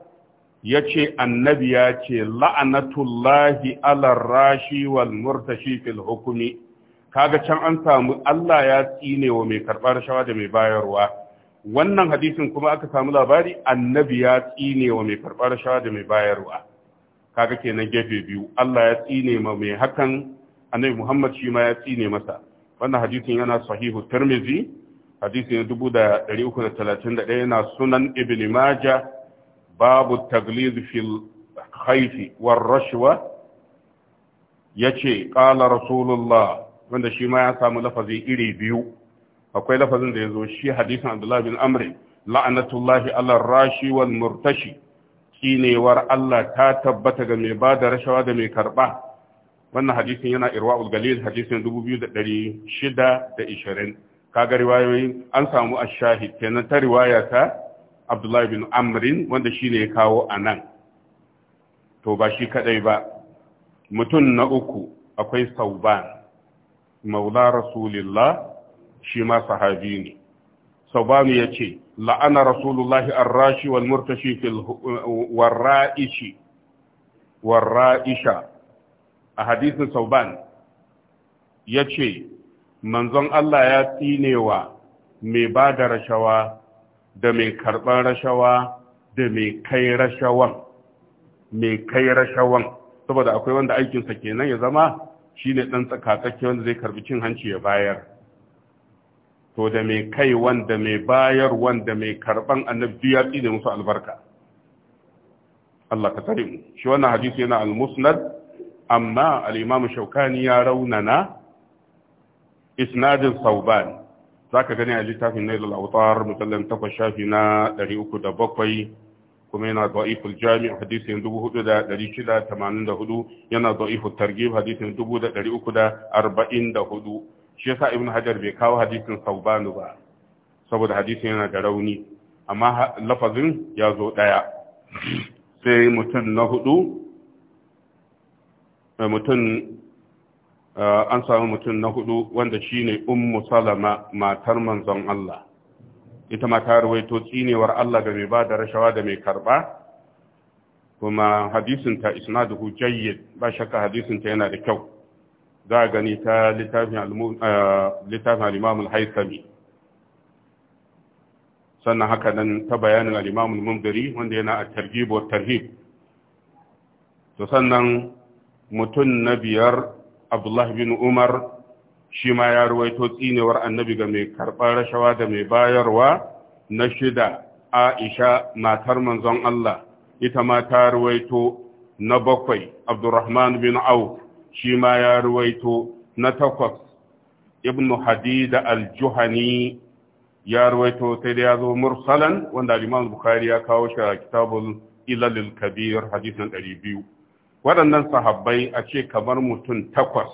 ya ce annabi ya ce la'anatullahi alar rashi murtashi fil hukumi kaga can an samu Allah ya tsinewa mai karɓar shawa da mai bayarwa wannan hadisin kuma aka samu labari annabi ya tsine wa mai karɓar shawa da mai bayarwa kaga kenan gefe biyu Allah ya tsine ma mai hakan annabi Muhammad shi ma ya tsine masa wannan hadisin yana sahihu Tirmidhi hadisin 1331 yana sunan Ibn Majah babu taglid fil khayfi war rashwa yace qala rasulullah wanda shi ma ya samu lafazi iri biyu akwai lafazin da ya zo shi hadisin abdullahi bin amri la'anatullahi ala rashi wal murtashi kinewar Allah ta tabbata ga mai ba da rashawa da mai karba wannan hadisin yana irwa'ul galil hadisin 2620 kaga riwayoyi an samu ash-shahid kenan ta riwaya ta Abdullah bin Amrin wanda shine ya kawo anan to ba shi kadai ba mutum na uku akwai Sauban maula rasulillah shi ma sahabi ne saubanu ya ce la'ana rasulullahi arrashi wal murtashi fil warra'ishi warra'isha a hadisin sauban ya ce manzon Allah ya tsinewa mai ba da rashawa da mai karɓar rashawa da mai kai rashawan mai kai rashawan saboda akwai wanda aikinsa kenan ya zama shine ɗan tsakatsaki wanda zai karɓi cin hanci ya bayar to da mai kai wanda mai bayar wanda mai karban annabi ya tsine musu albarka Allah ka tare mu shi wannan hadisi yana al-musnad amma al-imam shaukani ya raunana isnadin sauban zaka gani a littafin nailul awtar musallam takwas shafi na 307 kuma yana da'iful jami' hadisin 4684 yana da'iful targhib hadisin 344 shi yasa ibnu hajar bai kawo hadisin saubanu ba saboda hadisin yana da rauni amma lafazin ya zo ɗaya. sai mutum na hudu eh, mutum eh, an samu mutum na hudu wanda shine ummu salama matar manzon Allah ita ma ta rawaito tsinewar Allah da mai ba da rashawa da mai karba kuma hadisinta isnaduhu jayyid ba shakka hadisinta yana da kyau za a gani ta littafin eh, al'imamun haisami sannan haka nan ta bayanin al'imamun mumdari wanda yana a targhib tarhib to sannan mutum na biyar abdullahi bin umar shi ma ya ruwaito tsinewar annabi ga mai karɓar rashawa da mai bayarwa na shida aisha matar manzon Allah ita ma ta ruwaito na bakwai abdurrahman bin auf shi ma ya ruwaito na takwas ibnu hadida al-juhani ya ruwaito sai da ya zo mursalan wanda al-imam bukhari ya kawo shi a kitabul ilalil kabir ɗari 200 waɗannan sahabbai a ce kamar mutum takwas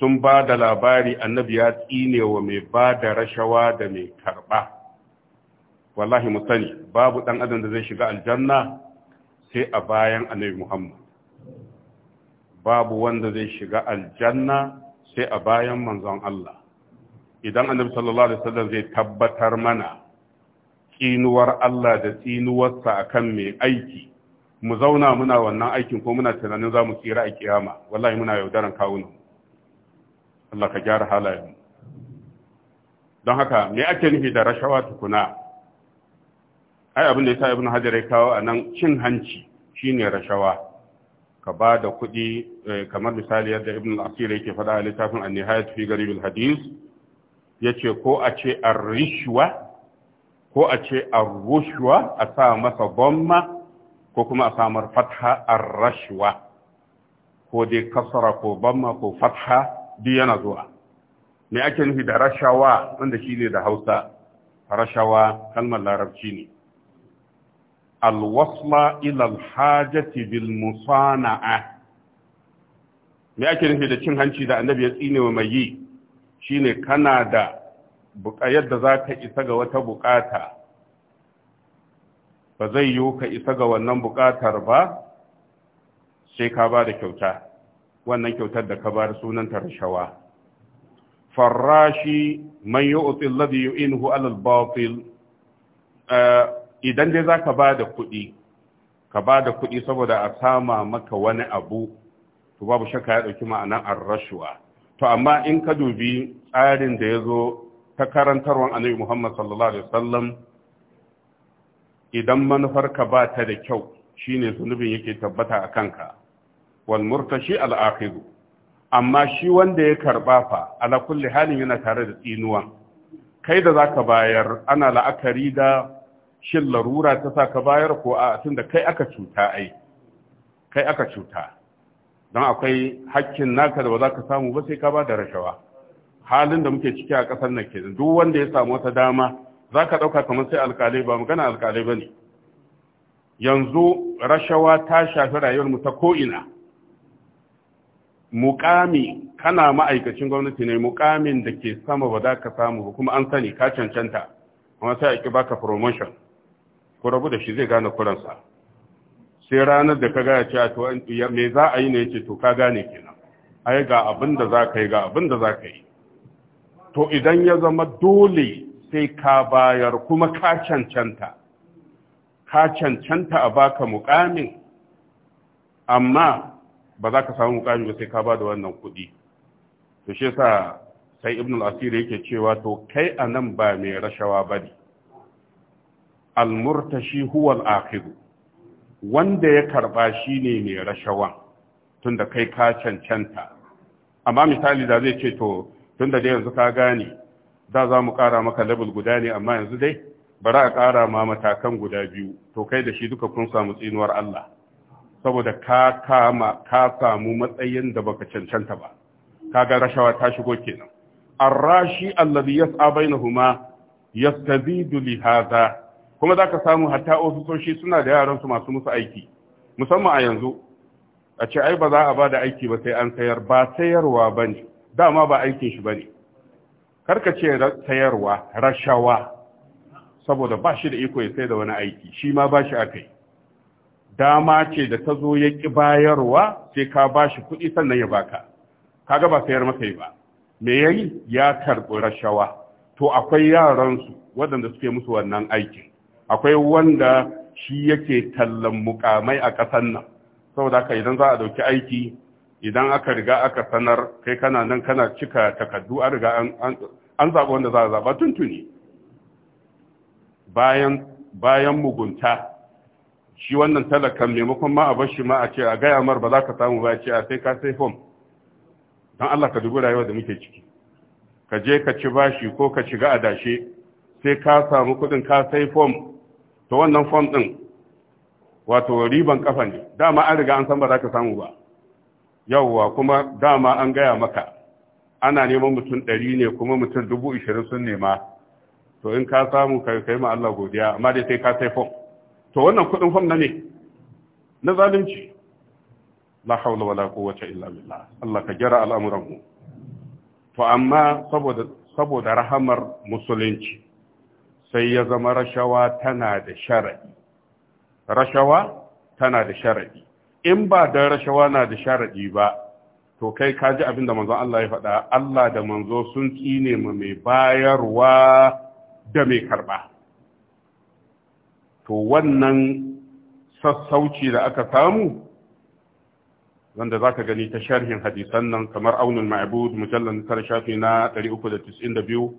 sun ba da labari annabi ya tsine wa mai ba da rashawa da mai karɓa wallahi mu sani babu ɗan adam da zai shiga aljanna sai a bayan annabi muhammad babu wanda zai shiga aljanna sai a bayan manzon Allah idan annabi sallallahu alaihi wasallam zai tabbatar mana tsinuwar Allah da tsinuwarsa akan mai aiki mu zauna muna wannan aikin ko muna tunanin za mu tsira a kiyama wallahi muna yaudaran kawuna Allah ka gyara halayen don haka me ake nufi da rashawa tukuna ai abin da yasa ibnu hajar ya kawo anan cin hanci shine rashawa ka ba da kuɗi eh, kamar misali yadda ibn al-asir yake faɗa a littafin an-nihayat fi garib al-hadis yace ko a ce ar-rishwa ko a ce ar-rushwa a sa masa dhamma ko kuma a samar fatha ar-rashwa ko dai kasra ko dhamma ko fatha duk yana zuwa me ake nufi da rashawa wanda shine da Hausa rashawa kalmar larabci ne alwasla ila alhajati bil musana'a me ake nufi da cin hanci da annabi ya tsine wa mai yi shine kana da yadda za ka isa ga wata bukata ba zai yiwu ka isa ga wannan bukatar ba sai ka ba da kyauta wannan kyautar da ka bar sunanta rashawa farashi man yu'ti Ladi yu'inhu ala al-batil idan dai za ka ba da kuɗi ka ba da kuɗi saboda a sama maka wani abu to babu shakka ya ɗauki ma'anar arrashuwa to amma in ka dubi tsarin da ya zo ta karantarwar annabi muhammad sallallahu alaihi wasallam idan manufar ka ba ta da kyau shine zunubin yake tabbata a kanka wal murtashi al akhiru amma shi wanda ya karɓa fa ala kulli halin yana tare da tsinuwa kai da ka bayar ana la'akari da shin larura ta sa ka bayar ko a tun kai aka cuta ai kai aka cuta don akwai hakkin naka da ba za ka samu ba sai ka ba da rashawa halin da muke ciki a ƙasar nan kenan duk wanda ya samu wata dama za ka ɗauka kamar sai alƙali ba magana alƙali ba ne yanzu rashawa ta shafi rayuwar mu ta ko'ina mukami kana ma'aikacin gwamnati ne mukamin da ke sama ba za ka samu ba kuma an sani ka cancanta amma sai a ki baka promotion ku da shi zai gane kuransa sai ranar da ka gaya cewa to mai za a yi ne yace to ka gane kenan ai ga abin da za ka yi ga abin da za ka yi to idan ya zama dole sai ka bayar kuma ka cancanta ka cancanta a baka mukamin amma ba za ka samu mukamin ba sai ka ba da wannan kuɗi to shi sa sai ibn al-asir yake cewa to kai anan ba mai rashawa bane almurtashi huwal akhidu wanda ya karba ne mai rashawan tunda kai ka cancanta amma misali da zai ce to tunda da yanzu ka gane da za mu kara maka level guda ne amma yanzu dai bari a kara ma matakan guda biyu to kai da shi duka kun samu tsinuwar Allah saboda ka kama ka samu matsayin da baka cancanta ba ka ga rashawa ta shigo kenan alladhi yas'a bainahuma بينهما li Lihaza. kuma za ka samu hatta ofisoshi suna da yaransu masu musu aiki musamman a yanzu a ce ai ba za a ba da aiki ba sai an sayar ba sayarwa ba ne dama ba aikin shi ba ne karka ce sayarwa rashawa saboda ba shi da iko ya sai da wani aiki shi ma ba shi aka yi dama ce da ta zo ya ƙi bayarwa sai ka ba shi kuɗi sannan ya baka kaga ba sayar maka yi ba me ya yi ya karɓi rashawa to akwai yaransu waɗanda suke musu wannan aikin akwai wanda shi yake tallan mukamai a ƙasar nan saboda haka idan za a dauki aiki idan aka riga aka sanar kai kana nan kana cika takardu an riga an zaɓa wanda za a zaɓa tuntuni bayan bayan mugunta shi wannan talakan maimakon ma a bar shi ma a ce a gaya mar ba za ka samu ba ce a sai ka sai fom don Allah ka dubi rayuwar da muke ciki ka je ka ci bashi ko ka shiga adashe sai ka samu kuɗin ka sai fom to wannan fom ɗin wato riban kafa ne dama an riga an san ba za ka samu ba yawwa kuma dama an gaya maka ana neman mutum ɗari ne kuma mutum dubu ishirin sun nema to in ka samu ka kai ma Allah godiya amma dai sai ka sai fom to wannan kuɗin fom na ne na zalunci la haula wala quwwata illa billah Allah ka jara al'amuran mu to amma saboda saboda rahamar musulunci sai ya zama rashawa tana da sharaɗi rashawa tana da sharaɗi in ba da rashawa na da sharaɗi ba to kai ka ji abin da manzon Allah ya faɗa Allah da manzo sun tsine mu mai bayarwa da mai karɓa to wannan sassauci da aka samu wanda za ka gani ta sharhin hadisan nan kamar aunin ma'abud mujallar tara shafi na 392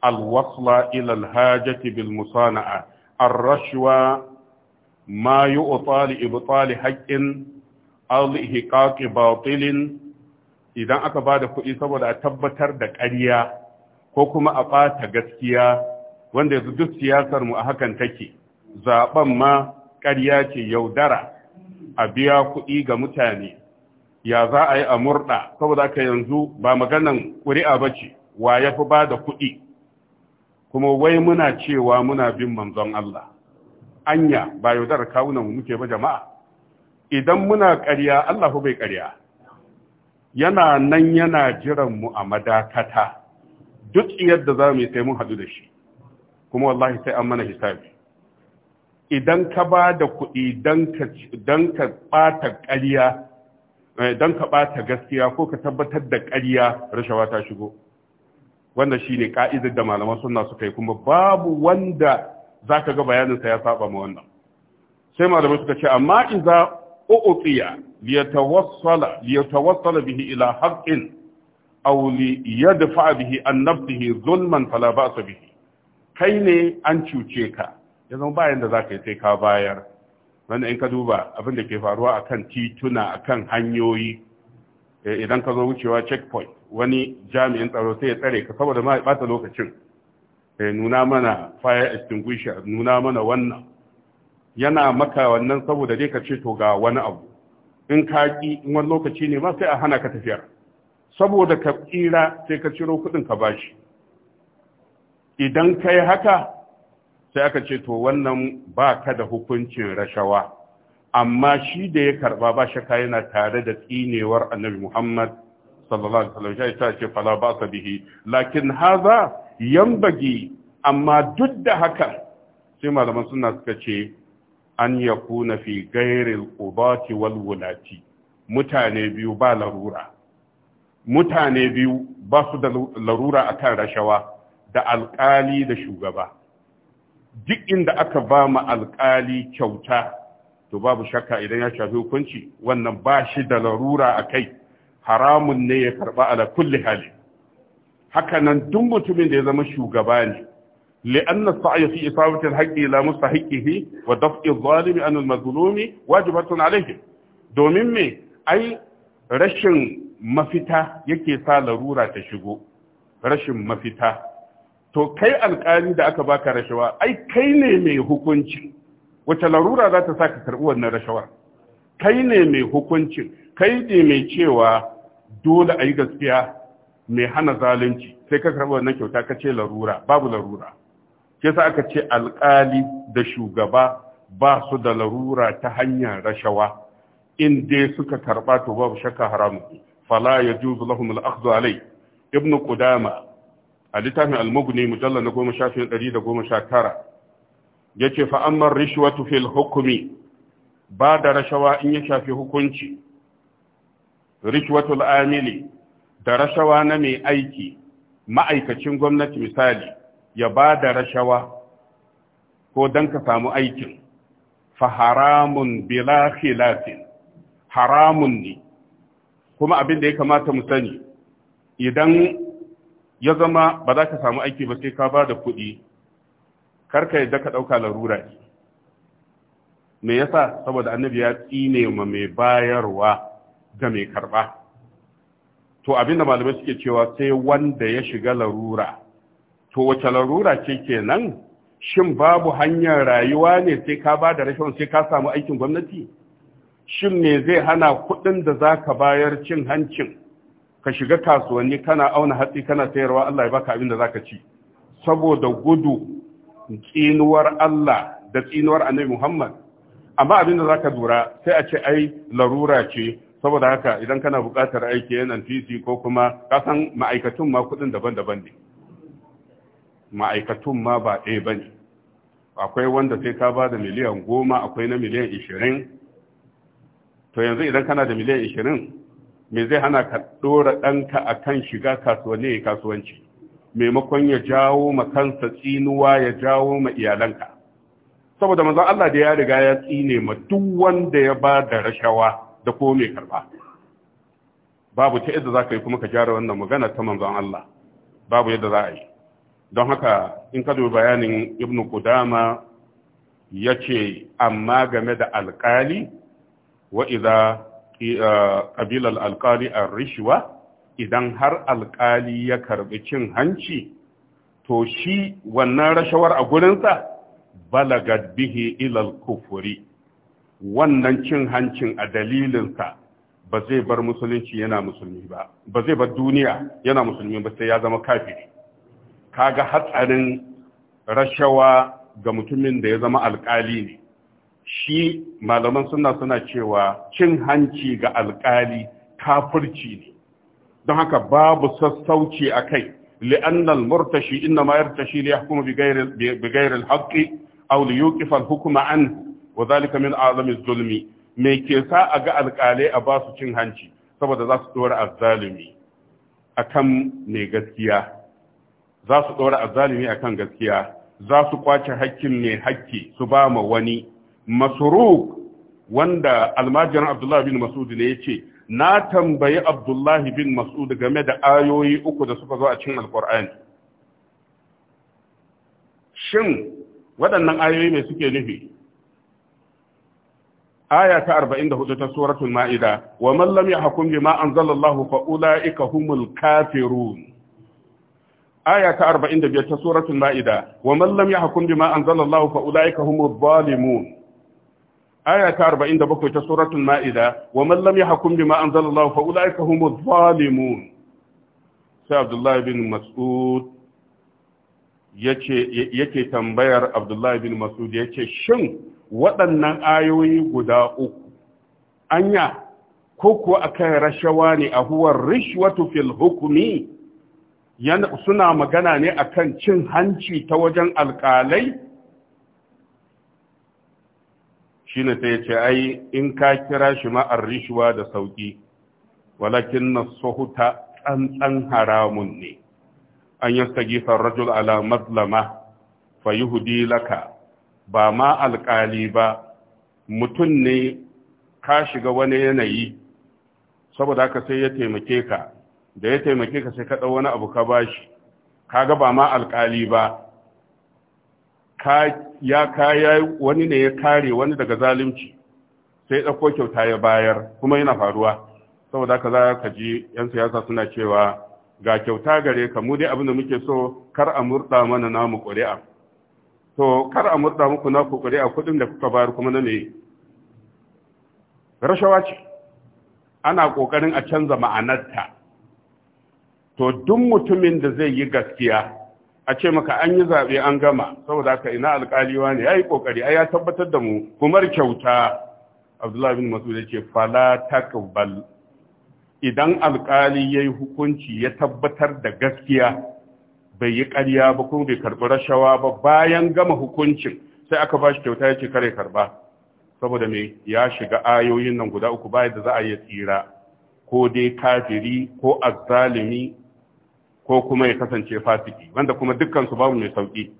alwasla ila alhajati bil musana'a ar-rashwa ma yu'ta li ibtali haqqin idan aka bada kuɗi saboda a tabbatar da ƙarya ko kuma a ɓata gaskiya wanda yanzu duk siyasar mu a hakan take zaɓen ma ƙarya ce yaudara a biya kuɗi ga mutane ya za a yi a murɗa saboda ka yanzu ba maganan ƙuri'a ba ce wa ya fi ba da kuɗi kuma wai muna cewa muna bin manzon Allah anya ba yaudar kawunan mu muke ba jama'a idan muna ƙarya Allah bai ƙarya yana nan yana jiran mu a madakata duk yadda za mu yi sai mun haɗu da shi kuma wallahi sai an mana hisabi idan ka ba da kuɗi don ka ɓata ƙarya eh, don ka ɓata gaskiya ko ka tabbatar da ƙarya rashawa ta shigo wanda ne ka'idar da malaman suna suka yi kuma babu wanda za ka ga bayaninsa ya saba ma wannan sai malamai suka ce amma iza u'tiya liyatawassala liyatawassala bihi ila haqqin aw dafa bihi an nafsihi zulman fala ba'sa bihi kai ne an cuce ka ya zama bayan da ka yi sai ka bayar wanda in ka duba abin da ke faruwa akan tituna akan hanyoyi eh, idan ka zo wucewa checkpoint wani jami'in tsaro sai ya tsare ka saboda ma bata lokacin sai eh, nuna mana fire extinguisher nuna mana wannan yana maka wannan saboda dai ka ce to ga wani abu in ka ki in wani lokaci ne ma sai a hana ka tafiyar saboda ka tsira sai ka ciro kuɗin ka bashi idan ka haka sai aka ce to wannan baka da hukuncin rashawa amma shi da ya karba ba shaka yana tare da tsinewar annabi muhammad sallallahu alaihi wasallam sai ta ce fala ba sa bihi lakin haza yambagi amma duk da haka sai malaman sunna suka ce an yakuna fi ghairil qudati wal wulati mutane biyu ba larura mutane biyu ba su da larura akan rashawa da alkali da shugaba duk inda aka ba mu alkali kyauta to babu shakka idan ya shafi hukunci wannan ba shi da larura a kai haramun ne ya karba ala kulli hali haka nan duk mutumin da ya zama shugaba ne لأن السعي في إصابة wa إلى مستحقه ودفع الظالم عن المظلوم واجبة عليهم domin me ai rashin mafita yake sa larura ta shigo rashin mafita to kai alƙali da aka baka rashawa ai kai ne mai hukunci wace larura za ta sa ka karɓi wannan rashawar kai ne mai hukunci kai ne mai cewa dole a yi gaskiya mai hana zalunci sai ka karɓi wannan kyauta ka ce larura babu larura ke sa aka ce alƙali da shugaba ba su da larura ta hanyar rashawa in dai suka karɓa to babu shakka haramu fala ya juzu lahum al-akhdhu alai ibn qudama a littafin al-mughni mujallal na goma shafin 119 yace fa amma rishwatu fil hukmi ba da rashawa in ya shafi hukunci rishwatul amili da rashawa na mai aiki ma'aikacin gwamnati misali ya ba da rashawa ko don ka samu aikin fa haramun bila khilafin haramun ne kuma abin da ya kamata mu sani idan ya zama ba za ka samu aiki ba sai ka ba da kuɗi karka yadda ka ɗauka larura ne me yasa saboda annabi ya tsine ma mai bayarwa ga mai karba to abinda malamai suke cewa sai wanda ya shiga larura to wace larura ce kenan shin babu hanyar rayuwa ne sai ka ba da rashin sai ka samu aikin gwamnati shin me zai hana kuɗin da za ka bayar cin hancin ka shiga kasuwanni kana auna hatsi kana sayarwa Allah ya baka abin da za ka ci saboda gudu tsinuwar Allah da tsinuwar annabi Muhammad amma abin da za ka lura sai a ce ai larura ce saboda haka idan kana buƙatar aiki yanan titi ko kuma kasan ma'aikatun ma kudin daban-daban ne ma'aikatun ma ba ɗaya ba ne akwai wanda sai ka ba da miliyan goma akwai na miliyan ishirin to yanzu idan kana da miliyan ishirin me zai hana ka ɗora ɗanka a kan shiga kasuwanni ya kasuwanci maimakon ya jawo ma kansa tsinuwa ya jawo ma iyalanka saboda manzon Allah da ya riga ya tsine ma duk wanda ya ba da rashawa da ko mai karba babu ta yadda za ka yi kuma ka gyara wannan magana ta manzon Allah babu yadda za a yi don haka in ka dubi bayanin ibnu kudama ya ce amma game da alkali wa iza ƙabilar alkali a rishuwa idan har alkali ya karbi cin hanci to shi wannan rashawar a gurinsa balagad bihi ilal kufuri wannan cin hancin a dalilinsa ba zai bar musulunci yana musulmi ba ba zai bar duniya yana musulmi ba sai ya zama kafiri kaga hatsarin rashawa ga mutumin da ya zama alkali ne shi malaman suna suna cewa cin hanci ga alƙali kafirci ne don haka babu sassauci a kai li'annal murtashi inna mayar yartashi li yahkumu bi ghairi al-haqqi aw wa zalika min azami zulmi me ke sa a ga alƙalai a ba su cin hanci saboda za su dora azzalumi akan ne gaskiya za su dora azzalumi akan gaskiya za su kwace hakkin ne hakki su ba ma wani masruq wanda almajiran abdullahi bin mas'ud ne ce, na tambayi abdullahi bin mas'ud game da ayoyi uku da suka zo a cin alqur'ani shin waɗannan ayoyi mai suke nufi aya ta 44 ta suratul ma'ida wa man lam yahkum bima anzalallahu fa ulaika humul aya ta 45 ta suratul ma'ida wa man lam yahkum bima anzalallahu fa ulaika humul aya ta 47 ta suratul ma'ida wa man lam yahkum bima anzalallahu fa ulaika humul zalimun sai abdullahi bin mas'ud yake tambayar abdullahi bin mas'ud yace shin waɗannan ayoyi guda uku anya ko kuwa akan rashawa ne a huwar rishwatu fil hukumi suna magana ne akan cin hanci ta wajen alƙalai shine ta yace ai in ka kira shi ma rishwa da sauki walakin nasuhuta tsantsan haramun ne an yastagifa rajul ala mazlama fayuhdi laka ba ma alƙali ba mutum ne ka shiga wani yanayi saboda haka sai ya taimake ka da ya taimake ka sai ka ɗau wani abu ka bashi kaga ba ma alƙali ba ya kaya wani ne ya kare wani daga zalunci sai ɗauko kyauta ya bayar kuma yana faruwa saboda haka za ka ji 'yan siyasa suna cewa ga kyauta gare ka mu dai abin da muke so kar a murɗa mana namu ƙuri'a to kar a murda muku na kokari a kudin da kuka bayar kuma na me rashawa ce ana kokarin a canza ma'anarta to duk mutumin da zai yi gaskiya a ce maka an yi zaɓe an gama saboda haka ina alƙaliwa ne ya yi ƙoƙari ya tabbatar da mu kumar kyauta abdullahi bin masu da ce fala takbal idan alƙali ya yi hukunci ya tabbatar da gaskiya bai yi ƙarya ba kuma bai karɓi rashawa ba bayan gama hukuncin sai aka ba shi kyauta ya ce kare karɓa saboda me ya shiga ayoyin nan guda uku bayan da za a yi tsira ko dai kafiri ko azzalimi ko kuma ya kasance fasiki wanda kuma dukkan su babu mai sauki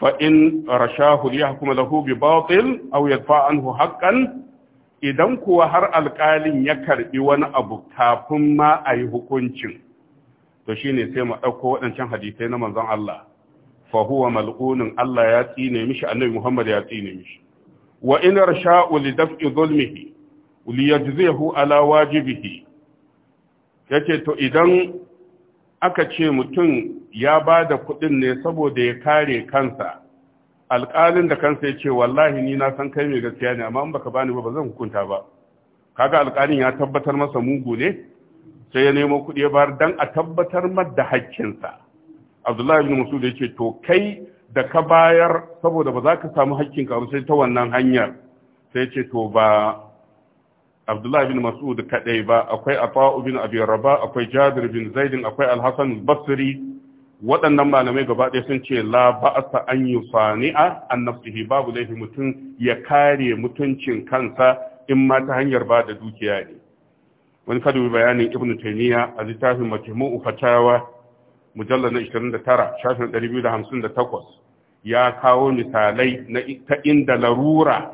fa in rashahu yahkum lahu bi batil aw yadfa anhu haqqan idan kuwa har alƙalin ya karɓi wani abu kafin ma a yi hukuncin to shine sai mu ɗauko waɗancan hadisai na manzon Allah fa huwa mal'unun Allah ya tsine mishi annabi Muhammad ya tsine mishi wa in rasha'u li daf'i zulmihi li yajzihu ala wajibihi yace to idan aka ce mutum ya ba da kuɗin ne saboda ya kare kansa alƙalin da kansa ya ce wallahi ni na san kai mai gaskiya ne amma in baka bani ba ba zan hukunta ba kaga alƙalin ya tabbatar masa mugu ne sai ya nemo kuɗi ya bayar dan a tabbatar mar da hakkinsa abdullahi ibn masud ce to kai da ka bayar saboda ba za ka samu haƙƙinka ba sai ta wannan hanyar sai ce to ba abdullahi bin mas'ud kadai ba akwai ata'u bin abi akwai jabir bin zaidin akwai Alhassan hasan basri waɗannan malamai gaba ɗaya sun ce la ba'sa an fani'a an nafsihi babu laifi mutum ya kare mutuncin kansa in ma ta hanyar ba da dukiya ne wani kadu bayanin ibn taymiya a littafin majmu'u fatawa mujallar na 29 shafin 258 ya kawo misalai na ta inda larura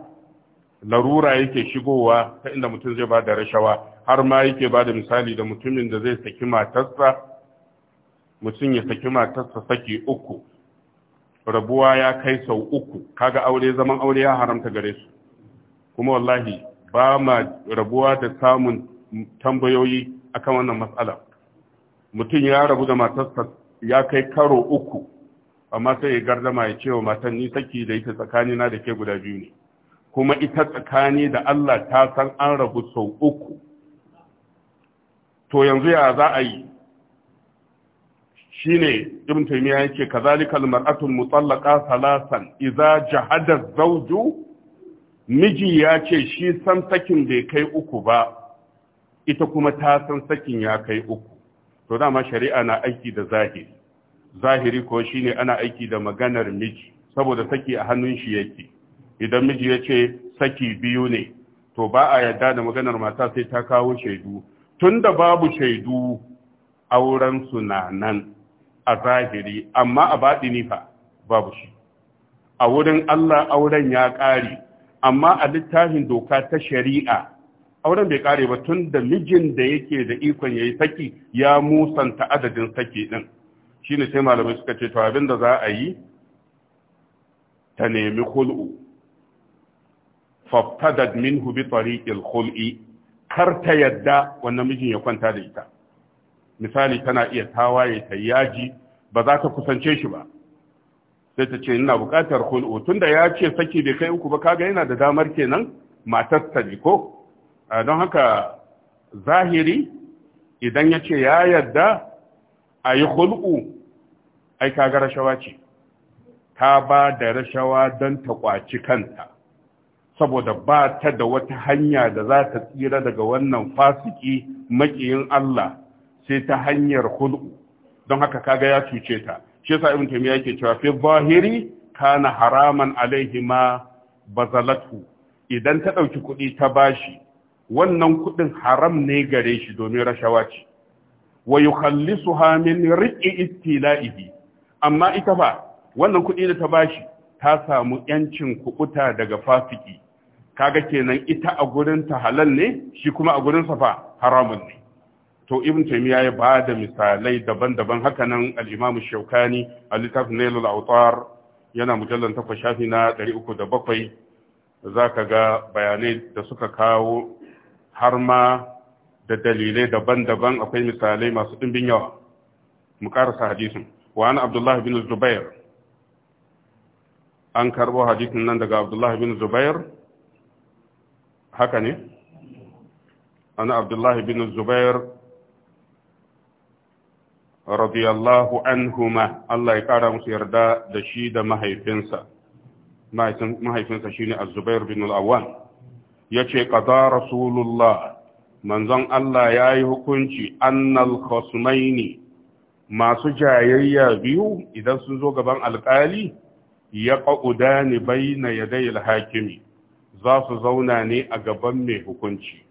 larura yake shigowa ta inda mutum zai bada rashawa har ma yake bada misali da mutumin da zai saki matarsa mutum ya saki matarsa saki uku rabuwa ya kai sau uku kaga aure zaman aure ya haramta gare su kuma wallahi ba ma rabuwa da samun tambayoyi akan wannan matsala mutum ya rabu da matarsa ya kai karo uku amma sai ya gardama ya cewa matan ni saki da ita tsakanina da ke guda biyu ne kuma ita tsakani da Allah ta san an rabu sau uku to yanzu ya za a yi Shi ne ibn taymiya yake kazalika almar'atu almutallaqa salasan idza jahada zawju miji ya ce shi san sakin bai kai uku ba ita kuma ta san sakin ya kai uku to dama shari'a na aiki da zahiri zahiri ko shine ana aiki da maganar miji saboda saki a hannun shi yake idan miji ya ce saki biyu ne to ba a yarda da maganar mata sai ta kawo shaidu Tun da babu shaidu auren su na nan a zahiri amma a baɗini fa babu shi a wurin Allah auren ya ƙare amma a littafin doka ta shari'a auren bai kare ba tun da mijin da yake da ikon yayi saki ya musanta adadin saki din shine sai malamai suka ce to abin da za a yi ta nemi khul'u faftadat minhu bi tariqil khul'i kar ta yadda wannan mijin ya kwanta da ita misali tana iya tawaye ta yaji ba za ta kusance shi ba sai ta ce ina buƙatar khul'u tunda ya ce saki bai kai uku ba kaga yana da damar kenan matar ta ko don haka zahiri idan ya ce ya yarda a yi hulku ai kaga rashawa ce ta ba da rashawa don ta kwaci kanta saboda ba ta da wata hanya da za ta tsira daga wannan fasiki makiyin Allah sai ta hanyar hulku don haka kaga ya cuce ta shi sa ibn taymiya yake cewa fi zahiri kana haraman alaihi ma bazalatu idan ta ɗauki kuɗi ta bashi wannan kuɗin haram ne gare shi domin rashawa ce wa yukhallisuha min riqi istila'ihi amma ita fa wannan kuɗi da ta bashi ta samu yancin kukuta daga fasiki kaga kenan ita a gurin ta halal ne shi kuma a gurin fa haramun ne to ibn taymiya ya ba da misalai daban-daban haka nan al-imam shaukani a littafin nailul yana mujallar takwas shafi na 307 zaka ga bayanai da suka kawo har ma da dalilai daban-daban akwai misalai masu ɗimbin yawa mu karasa hadisin wa ana abdullah bin zubair an karɓo hadisin nan daga abdullah bin zubair haka ne ana abdullah bin zubair radiyallahu anhuma Allah ya ƙara musu yarda da shi da mahaifinsa mahaifinsa shi ne a zubair bin al ya ce ƙaza rasulullah manzon Allah ya yi hukunci annal khasmaini masu jayayya biyu idan sun zo gaban alƙali ya ƙa'uda ni bai na yadayil hakimi za su zauna ne a gaban mai hukunci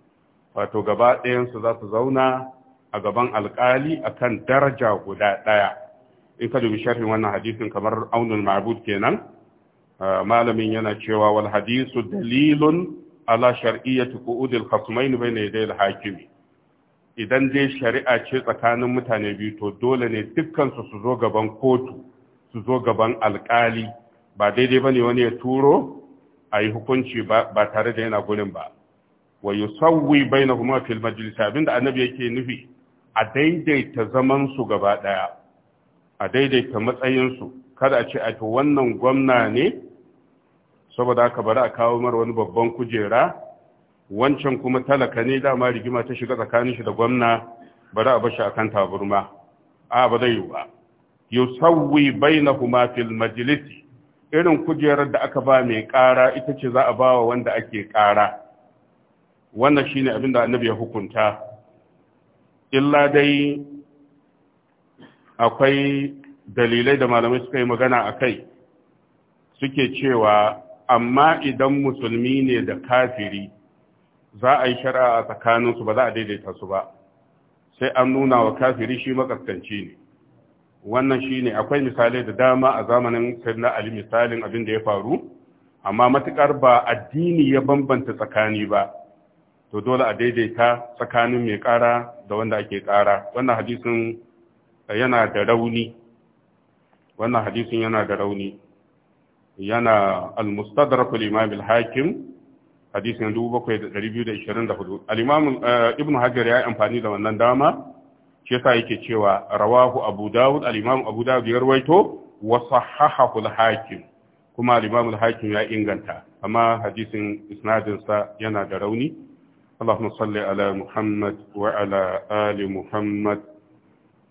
wato gaba ɗayansu za su zauna a gaban alƙali akan daraja guda ɗaya in ka dubi sharhin wannan hadisin kamar aunin ma'bud kenan ah, malamin yana cewa wal hadisu dalilun ala shar'iyyati qu'udil khasmain bayna yaday al hakimi. idan dai shari'a ce tsakanin mutane biyu to dole ne dukkan su zo gaban kotu su zo gaban alkali ba daidai bane wani ya turo a yi hukunci ba tare da yana gurin ba wa yusawwi bainahuma fil majlis abinda annabi yake nufi a daidaita zaman su gaba daya a daidaita matsayin su kada a ce a to wannan gwamna ne saboda haka bari a kawo mar wani babban kujera wancan kuma talaka ne dama rigima ta shiga tsakanin shi da gwamna bari a bashi akan taburma a ba zai yi ba yusawwi bainahuma fil majlisi irin kujerar da aka ba mai ƙara ita ce za a ba wa wanda ake ƙara wannan shine abin da annabi ya hukunta illa dai akwai dalilai da malamai suka yi magana a kai suke cewa amma idan musulmi ne da kafiri za a yi shari'a a tsakaninsu ba za a daidaita su ba sai an nuna wa kafiri shi makaskanci ne wannan shi ne akwai misalai da dama a zamanin sirna ali misalin abin da ya faru amma matukar ba addini ya bambanta tsakani ba to dole a daidaita tsakanin mai ƙara da wanda ake kara wannan hadisin yana da rauni wannan hadisin yana da rauni yana al-mustadrak al-imam al-hakim hadisin 7224 al-imam eh, ibn hajar ya yi amfani da wannan dama shi yasa yake cewa rawahu abu dawud al-imam abu dawud ya rawaito wa sahahahu al-hakim kuma al-imam al-hakim ya inganta amma hadisin isnadin sa yana da rauni اللهم صل على محمد وعلى آل محمد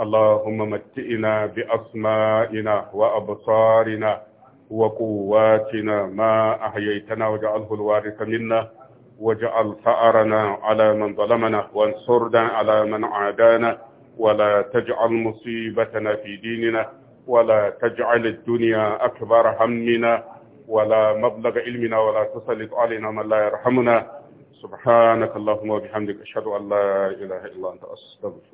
اللهم متئنا بأسمائنا وأبصارنا وقواتنا ما أحييتنا وجعله الوارث منا وجعل ثأرنا على من ظلمنا وانصرنا على من عادانا ولا تجعل مصيبتنا في ديننا ولا تجعل الدنيا أكبر همنا ولا مبلغ علمنا ولا تسلط علينا من لا يرحمنا سبحانك اللهم وبحمدك أشهد أن لا إله إلا أنت أستغفرك